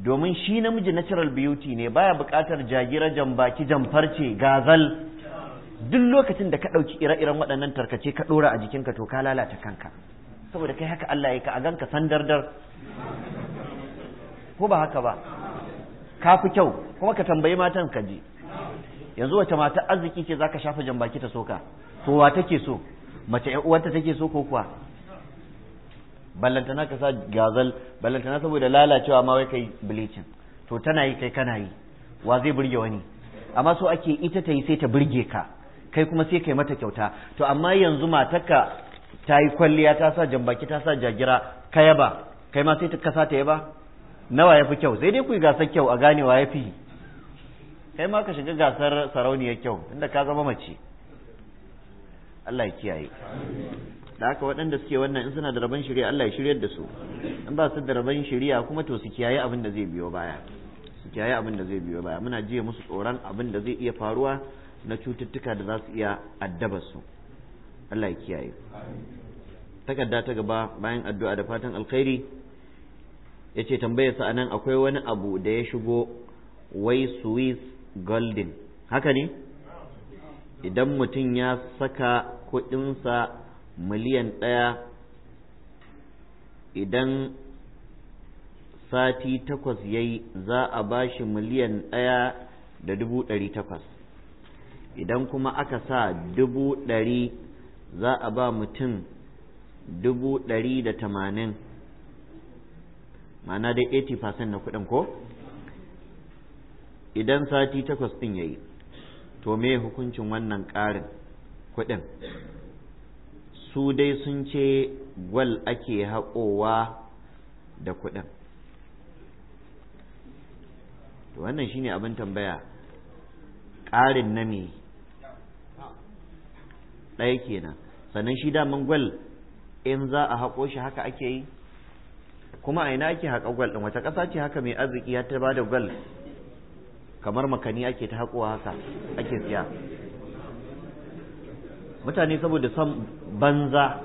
domin shi namiji natural beauty ne baya bukatar jagira jambaki jamfarce gazal duk lokacin da ka ɗauki ire-iren waɗannan tarkace ka ɗora a jikinka to ka lalata kanka saboda kai haka Allah ya ka a ganka sandardar ko ba haka ba ka fi kyau kuma ka tambayi matan ka ji yanzu wace mata arziki ce zaka shafa jambaki ta soka to wa take so mace ƴan uwanta take so ko kuwa ballantana ka sa gazal ballantana saboda lalacewa ma wai kai bleaching to tana yi kai kana yi wa zai burge wani amma so ake ita ta yi sai ta burge ka kai kuma sai kai mata kyauta to amma yanzu matarka ta yi kwalliya ta sa jambaki ta sa jagira ka yaba kai ma sai ta kasa ta yaba nawa ya fi kyau sai dai ku yi gasar kyau a ganewa ya fi kai ma ka shiga gasar sarauniyar kyau inda ka zama mace Allah ya kiyaye da haka waɗanda suke wannan in suna da rabon shirya Allah ya shiryar da su in ba su da rabon shirya kuma to su kiyaye abin da zai biyo baya su kiyaye abin da zai biyo baya muna jiya musu tsoron abin da zai iya faruwa na cututtuka da za su iya addaba su Allah ya kiyaye takarda ta gaba bayan addu'a da fatan alkhairi ya ce tambayar sa nan akwai wani abu da ya shigo wai swiss golden haka ne idan mutum ya saka kuɗinsa miliyan ɗaya idan sati takwas ya yi za a ba shi miliyan ɗaya da dubu ɗari takwas idan kuma aka sa dubu ɗari za a ba mutum dubu ɗari da tamanin ma'ana dai 80% na kuɗin ko idan sati takwas ɗin yayi yi to me hukuncin wannan ƙarin kuɗin su dai sun ce gwal ake haƙowa da kuɗin to wannan shine abin tambaya ƙarin na me ɗaya kenan sannan shi daman gwal in za a haƙo shi haka ake yi kuma a ina ake haƙa gwal ɗin wata ƙasa ce haka mai arziki ya ta ba da gwal kamar makani ake ta haƙowa haka ake siya mutane saboda son banza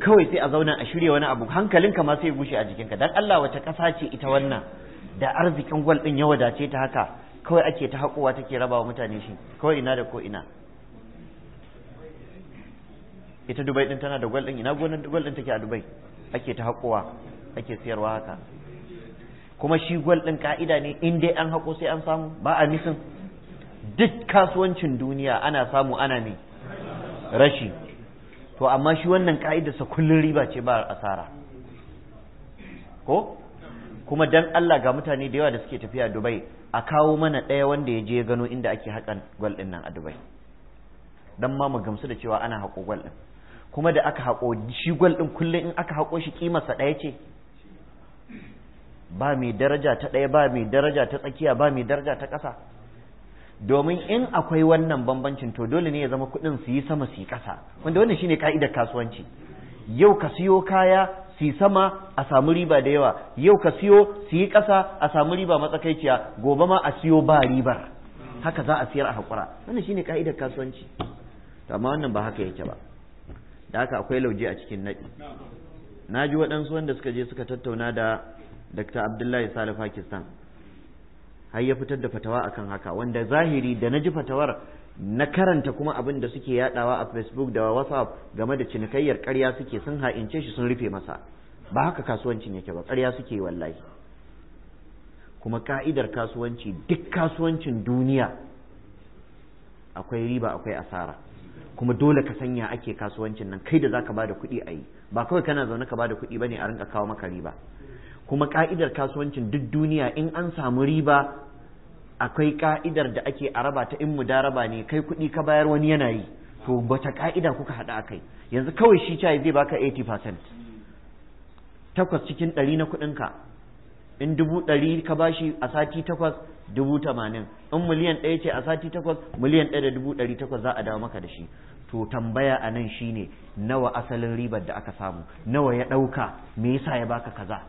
kawai sai a zauna a shirya wani abu hankalinka ma sai gushe a jikinka dan Allah wata ƙasa ce ita wannan da arzikin gwal ɗin ya wadace ta haka kawai ake ta haƙowa take rabawa mutane shi kawai ina da ko ina ita Dubai ɗin tana da gwal ɗin ina gonar gwal ɗin take a Dubai ake ta haƙowa ake siyarwa haka kuma shi gwal din ka'ida ne in dai an hako sai an samu ba a misin duk kasuwancin duniya ana samu ana ne rashi to amma shi wannan ka'idarsa kullum riba ce ba asara ko kuma dan Allah ga mutane da yawa da suke tafiya Dubai a kawo mana ɗaya wanda ya je ya gano inda ake haƙan gwal ɗin nan a Dubai dan ma mu gamsu da cewa ana hako gwal ɗin kuma da aka haƙo shi gwal ɗin kullum in aka hako shi kimarsa ɗaya ce ba mai daraja ta ɗaya ba mai daraja ta tsakiya ba mai daraja ta ƙasa domin in akwai wannan bambancin to dole ne ya zama kuɗin su yi sama su yi ƙasa wanda wannan shine ka'idar kasuwanci yau ka siyo kaya su yi sama a samu riba da yawa yau ka siyo su yi ƙasa a samu riba matsakaiciya gobe ma a siyo ba ribar haka za a siyar a haƙura wannan shine ka'idar kasuwanci amma wannan ba haka yake ba da haka akwai lauje a cikin naɗi na ji waɗansu wanda suka je suka tattauna da Dr. Abdullahi Sale Pakistan har ya fitar da fatawa akan haka wanda zahiri da na ji fatawar na karanta kuma abin da suke yadawa a Facebook da WhatsApp game da cinikayyar karya suke sun ha'ince shi sun rufe masa ba haka kasuwancin yake ba karya suke yi wallahi kuma ka'idar kasuwanci duk kasuwancin duniya akwai riba akwai asara kuma dole ka sanya ake kasuwancin nan kai da zaka bada kuɗi a yi ba kawai kana zaune ka bada kuɗi bane a rinka kawo maka riba kuma ka'idar kasuwancin duk duniya in an samu riba akwai ka'idar da ake a raba ta in mu da raba ne kai kuɗi ka bayar wani yana yi to bata ka'ida kuka haɗa a kai. yanzu kawai shi cayi zai baka 80% takwas cikin ɗari na kuɗinka in dubu ɗari ka bashi a sati takwas dubu tamanin in miliyan ɗaya ce a sati takwas miliyan ɗaya da dubu ɗari takwas za a dawo maka da shi to tambaya a nan shine nawa asalin ribar da aka samu nawa ya ɗauka me yasa ya baka kaza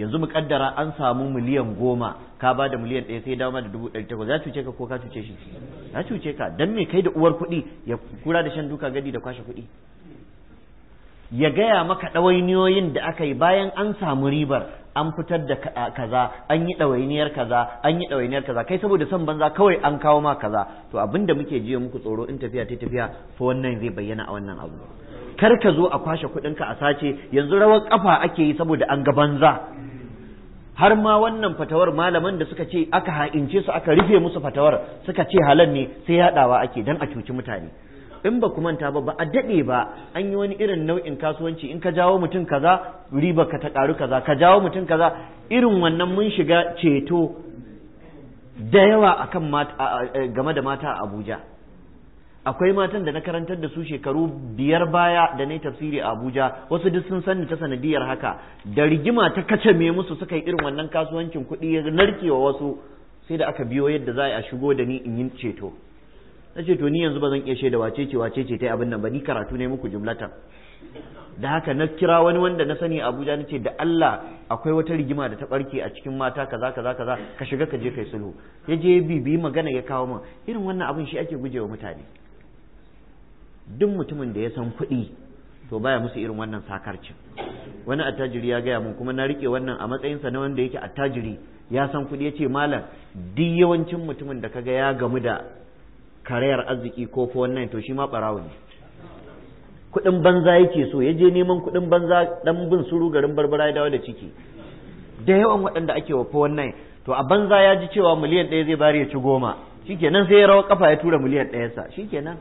yanzu mu kaddara an samu miliyan goma ka ba da miliyan ɗaya sai dama da dubu ɗari takwas ya cuce ka ko ka cuce shi ya cuce ka dan me kai da uwar kuɗi ya kura da shan duka gadi da kwashe kuɗi ya gaya maka ɗawainiyoyin da aka yi bayan an samu ribar an fitar da kaza an yi ɗawainiyar kaza an yi ɗawainiyar kaza kai saboda son banza kawai an kawo ma kaza to abin da muke jiya muku tsoro in tafiya ta tafiya fa wannan zai bayyana a wannan abu kar ka zo a kwashe kuɗinka a sace yanzu rawar kafa ake yi saboda an ga banza har ma wannan fatawar malaman da suka ce aka ha'ince su aka rufe musu fatawar suka ce halal ne sai yaɗawa ake dan a cuci mutane in ba ku manta ba ba a daɗe ba an yi wani irin nau'in kasuwanci in ka jawo mutum kaza riba ka ta ƙaru kaza ka jawo mutum kaza irin wannan mun shiga ceto da yawa akan game da mata a Abuja akwai matan da na karantar da su shekaru biyar baya da na tafsiri a Abuja wasu duk sun sani ta sanadiyar haka da rigima ta kace me musu suka yi irin wannan kasuwancin kuɗi ya narkewa wasu sai da aka biyo yadda za a shigo da ni in yi ceto na ceto ni yanzu ba zan iya shaida wace ce wace ce ta yi abin nan ba ni karatu ne muku jumlatan da haka na kira wani wanda na sani Abuja na ce da Allah akwai wata rigima da ta barke a cikin mata kaza kaza kaza ka shiga ka je kai sulhu ya je bibi magana ya kawo min irin wannan abin shi ake gujewa mutane duk mutumin da ya san kuɗi to baya musu irin wannan sakarcin wani attajiri ya gaya mun kuma na rike wannan a matsayinsa na wanda yake attajiri ya san kuɗi ya ce malam duk yawancin mutumin da kaga ya gamu da karayar arziki ko fo wannan to shi ma barawo ne kuɗin banza yake so ya je neman kuɗin banza dan bin suru garin barbara ya dawo da ciki da yawan waɗanda ake wa fo wannan to a banza ya ji cewa miliyan ɗaya zai bari ya ci goma shi shikenan sai ya rawa kafa ya tura miliyan ɗayansa shikenan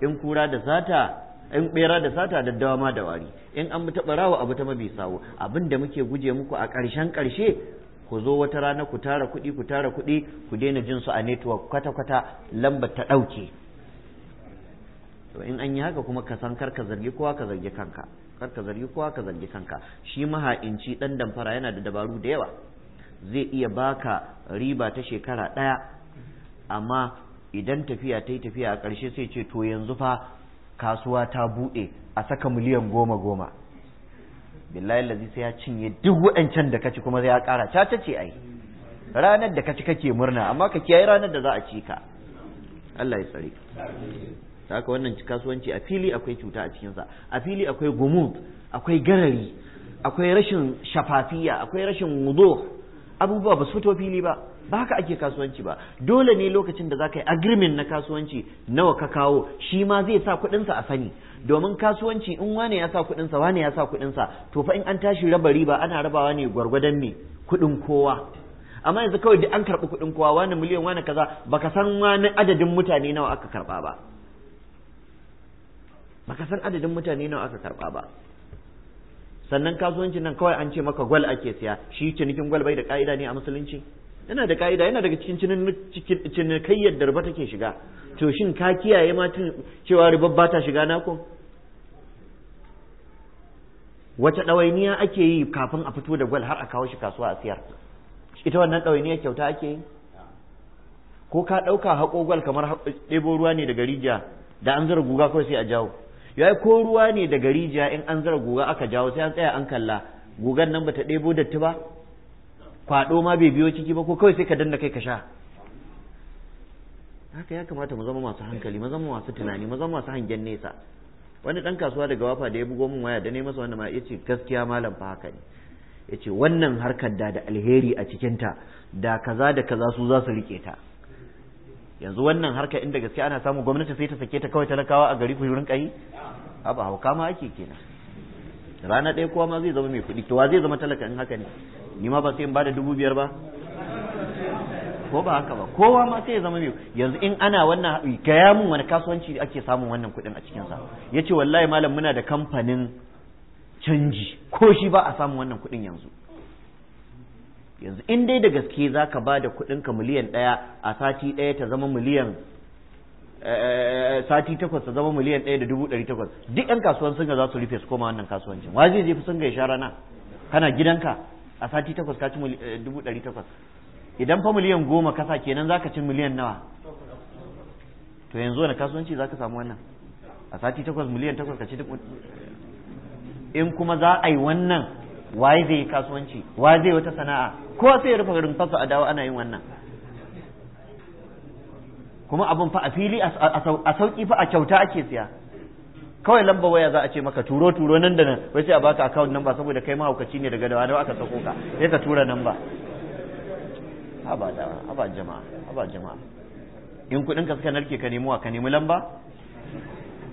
in kura da sata in bera da sata daddawa ma da wari in an mutaba rawa abu ta mabi sawo abin da muke guje muku a ƙarshen ƙarshe ku zo wata rana ku tara kuɗi ku tara kuɗi ku daina jin su a network kwata-kwata lambar ta ɗauke to in an yi haka kuma ka san kar ka zargi kowa ka zargi kanka kar ka zargi kowa ka zargi kanka shi maha'inci ɗan damfara yana da dabaru da yawa zai iya baka riba ta shekara ɗaya amma idan tafiya ta yi tafiya a ƙarshe sai ce to yanzu fa kasuwa ta buɗe a saka miliyan goma goma billahi lazi sai ya cinye duk waɗancan da kaci kuma sai ya ƙara caca ce ai ranar da kaci kake murna amma ka kiyaye ranar da za a ci ka Allah ya tsare haka wannan kasuwanci a fili akwai cuta a cikinsa a fili akwai gumu akwai garari akwai rashin shafafiya akwai rashin wudu abubuwa ba su fito fili ba ba haka ake kasuwanci ba dole ne lokacin da za ka yi agreement na kasuwanci nawa ka kawo shi ma zai sa kuɗinsa a sani domin kasuwanci in wane ya sa kuɗinsa wane ya sa kuɗinsa to fa in an tashi raba riba ana rabawa ne gwargwadon me kuɗin kowa amma yanzu kawai da an karɓi kuɗin kowa wani miliyan wani kaza baka san wani adadin mutane nawa aka karɓa ba baka san adadin mutane nawa aka karɓa ba sannan kasuwancin nan kawai an ce maka gwal ake siya shi cinikin gwal bai da ka'ida ne a musulunci yana da ka'ida yana daga cikin cinikayyar da riba take shiga to shin ka kiyaye ma cewa riba ba ta shiga naku wata ɗawainiya ake yi kafin a fito da gwal har a kawo shi kasuwa a siyar ita wannan ɗawainiya kyauta ake yi ko ka ɗauka haƙo gwal kamar ɗebo ruwa ne daga rijiya da an zara guga kawai sai a jawo ya ko ruwa ne daga rijiya in an zara guga aka jawo sai an tsaya an kalla gugan nan bata ɗebo datti ba kwado ma bai biyo ciki ba ko kawai sai ka danna kai ka sha haka ya kamata mu zama masu hankali mu zama masu tunani mu zama masu hangen nesa wani dan kasuwa daga wafa da ya bugo min waya da ne masa wanda ma yace gaskiya malam fa haka ne yace wannan harkar da da alheri a cikin ta da kaza da kaza su za su rike ta yanzu wannan harka inda gaskiya ana samu gwamnati sai ta sake ta kawai talakawa a gari ku rinka yi haba hauka ma ake kenan rana ɗaya kowa ma zai zama mai kuɗi to wa zai zama talaka in haka ne ni ma ba sai in bada dubu biyar ba ko ba haka ba kowa ma sai ya zama mai yanzu in ana wannan gaya mun wani kasuwanci ake samun wannan kuɗin a cikinsa ya ce wallahi malam muna da kamfanin canji ko shi ba a samun wannan kuɗin yanzu yanzu in dai da gaske za ka ba da kuɗinka miliyan ɗaya a sati ɗaya ta zama miliyan eh, eh, sati takwas ta zama miliyan ɗaya da dubu ɗari takwas duk 'yan kasuwan sun ga za su rufe su koma wannan kasuwancin waje zai je fi sun ga ya sha rana kana gidanka a sati takwas ka ci eh, dubu ɗari takwas idan fa miliyan goma kasa kenan za ka ci miliyan nawa to yanzu wani kasuwanci za ka samu wannan a sati takwas miliyan takwas ka ci dubu eh. in kuma za a yi wannan waye zai yi kasuwanci waye zai wata sana'a kowa sai ya rufe garin fasa a dawo ana yin wannan kuma abun fa a fili a sauƙi fa a kyauta ake siya kawai lamba waya za a ce maka turo turo nan da nan wai sai a baka account number saboda kai mahaukaci ne daga dawa aka sako ka sai ka tura number haba haba jama'a haba jama'a in kudin ka suka narke ka nemo wa ka nemi lamba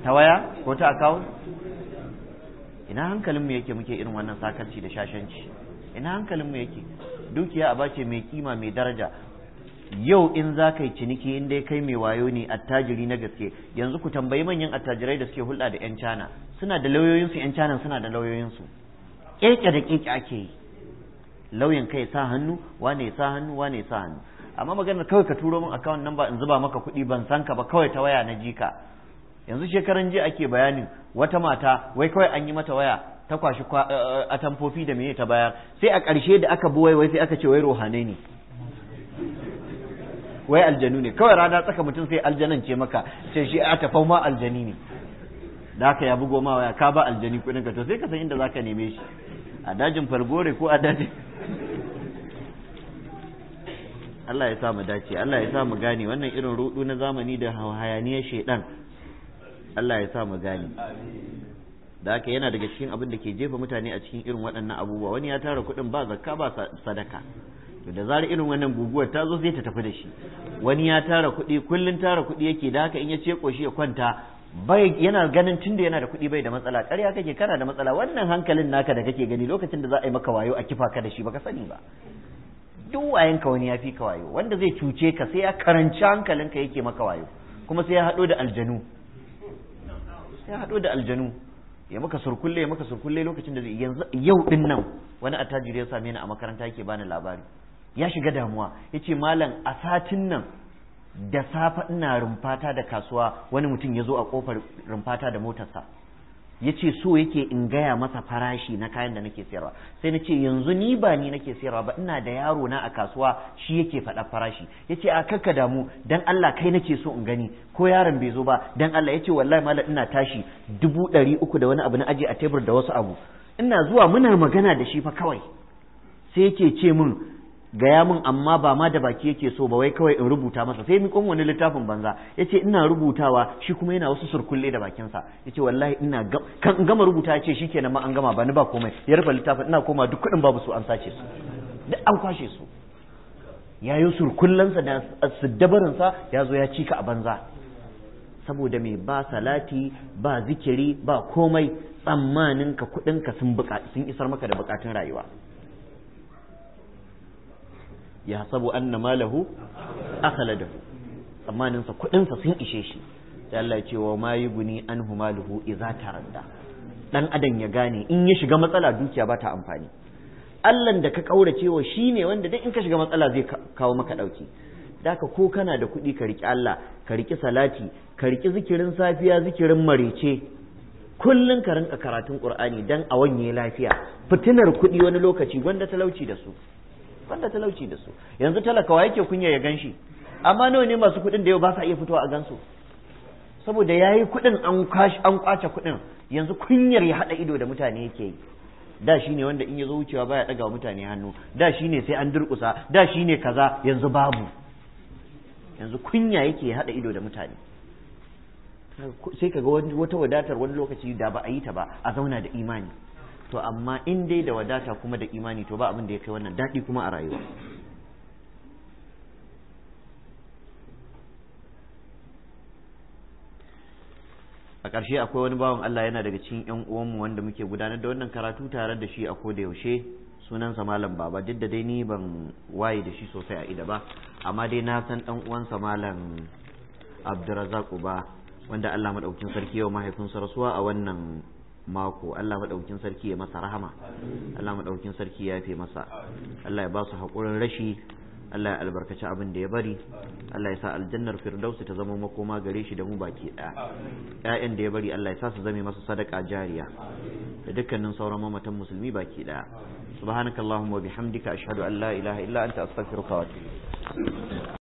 ta waya ko ta account ina hankalin mu yake muke irin wannan sakanci da shashanci ina hankalin mu yake dukiya a bace mai kima mai daraja yau in za ka yi ciniki in dai kai mai wayo ne attajiri na gaske yanzu ku tambayi manyan attajirai da suke hulɗa da 'yan cana suna da lauyoyinsu 'yan canan suna da lauyoyinsu ƙirƙe da ƙirƙe ake yi lauyan kai sa hannu wane sa hannu wane sa hannu amma maganar kawai ka turo min akawun nan ba in zuba maka kuɗi ban san ka ba kawai ta waya na jika yanzu shekaran jiya ake bayanin wata mata wai kawai an yi mata waya ta kwashi eh, eh, atamfofi da meye ta bayar sai a ƙarshe da aka buwai wai sai aka ce wai rohane ne wai aljanu ne kawai rana tsaka mutum sai aljanan ce maka ce shi a tafau ma aljani ne da aka ya bugo ma ya ka ba aljani kudin ka to sai ka san inda zaka neme shi a dajin falgore ko a dajin Allah ya sa mu dace Allah ya sa mu gane wannan irin rudu na zamani da hayaniyar shedan Allah ya sa mu gane da haka yana daga cikin abin da ke jefa mutane a cikin irin waɗannan abubuwa wani ya tara kuɗin ba zakka ba sadaka to da zarar irin wannan guguwar ta zo sai ta tafi da shi wani ya tara kuɗi kullun tara kuɗi yake da haka in ya ce koshi ya kwanta bai yana ganin tunda yana da kuɗi bai da matsala ƙarya kake kana da matsala wannan hankalin naka da kake gani lokacin da za a yi maka wayo a kifa ka da shi baka sani ba duk ka wani ya fi ka wayo wanda zai cuce ka sai ya karanci hankalinka yake maka wayo kuma sai ya haɗo da aljanu sai haɗo da aljanu ya maka surkulle ya maka surkulle lokacin da zai yanzu yau din wani attajiri ya same ni a makaranta yake bani labari ya shiga damuwa ya ce malam a satin nan da safa ina rumfata da kasuwa wani mutum ya zo a kofar rumfata da motarsa ya ce so yake in gaya masa farashi na kayan da nake sayarwa sai na ce yanzu ni ba ni nake sayarwa ba ina da yaro na a kasuwa shi yake faɗa farashi ya ce a kakka damu dan Allah kai nake so in gani ko yaron bai zo ba dan Allah ya ce wallahi malam ina tashi dubu ɗari uku da wani abu na ajiye a tebur da wasu abu ina zuwa muna magana da shi fa kawai sai yake ce min gaya min amma ba ma da baki yake so ba wai kawai in rubuta masa sai miƙon wani littafin banza yace ina rubutawa shi kuma yana wasu surkulle da bakinsa yace wallahi ina kan gama rubuta yace shikenan ma an gama ba ni ba komai ya rufe littafin ina koma duk kudin babu su an sace su duk an kwashe su ya yi surkullansa da siddabarinsa ya zo ya cika a banza saboda me ba salati ba zikiri ba komai tsammanin ka kuɗinka sun isar maka da bukatun rayuwa ya sabu anna malahu akhladahu tsammanin sa kudin sun ishe shi sai Allah ya ce wa ma yuguni anhu maluhu idza taranda dan adam ya gane in ya shiga matsala dukiya ba ta amfani Allahn da ka kaurace wa shine wanda duk in ka shiga matsala zai kawo maka dauki daka ko kana da kuɗi ka riƙi Allah ka riƙi salati ka riƙi zikirin safiya zikirin marece kullum ka rinka karatun ƙur'ani dan a wanye lafiya fitinar kuɗi wani lokaci gwanda talauci da su banda talauci da su yanzu talakawa yake kunya ya ganshi amma nawa ne masu kuɗin da yau ba sa iya fitowa a gansu saboda ya yi kuɗin an kwash an kwace kuɗin yanzu kunyar ya haɗa ido da mutane yake yi da shi ne wanda in ya zo wucewa baya ɗaga mutane hannu da shi ne sai an durƙusa da shi ne kaza yanzu babu yanzu kunya yake ya haɗa ido da mutane sai kaga wata wadatar wani lokaci da ba a yi ta ba a zauna da imani to amma in dai da wadata kuma da imani to ba abin da ya kai wannan daɗi kuma a rayuwa a ƙarshe akwai wani bawan Allah yana daga cikin ƴan uwanmu wanda muke gudanar da wannan karatu tare da shi a koda yaushe sunansa malam baba duk da dai ni ban waye da shi sosai a ida ba amma dai na san ɗan uwansa malam Abdurrazzaq ba wanda Allah maɗaukin sarki yau mahaifinsa rasuwa a wannan mako Allah maɗaukin sarki ya masa rahama Allah maɗaukin sarki ya fi masa Allah ya ba su hakurin rashi Allah ya albarkaci abin da ya bari Allah ya sa aljannar firdausi ta zama makoma gare shi da mu baki ɗaya ƴaƴan da ya bari Allah ya sa su zame masa sadaka jariya da dukkanin sauran mamatan musulmi baki ɗaya subhanakallahumma wa bihamdika ashhadu an la ilaha illa anta astaghfiruka wa atubu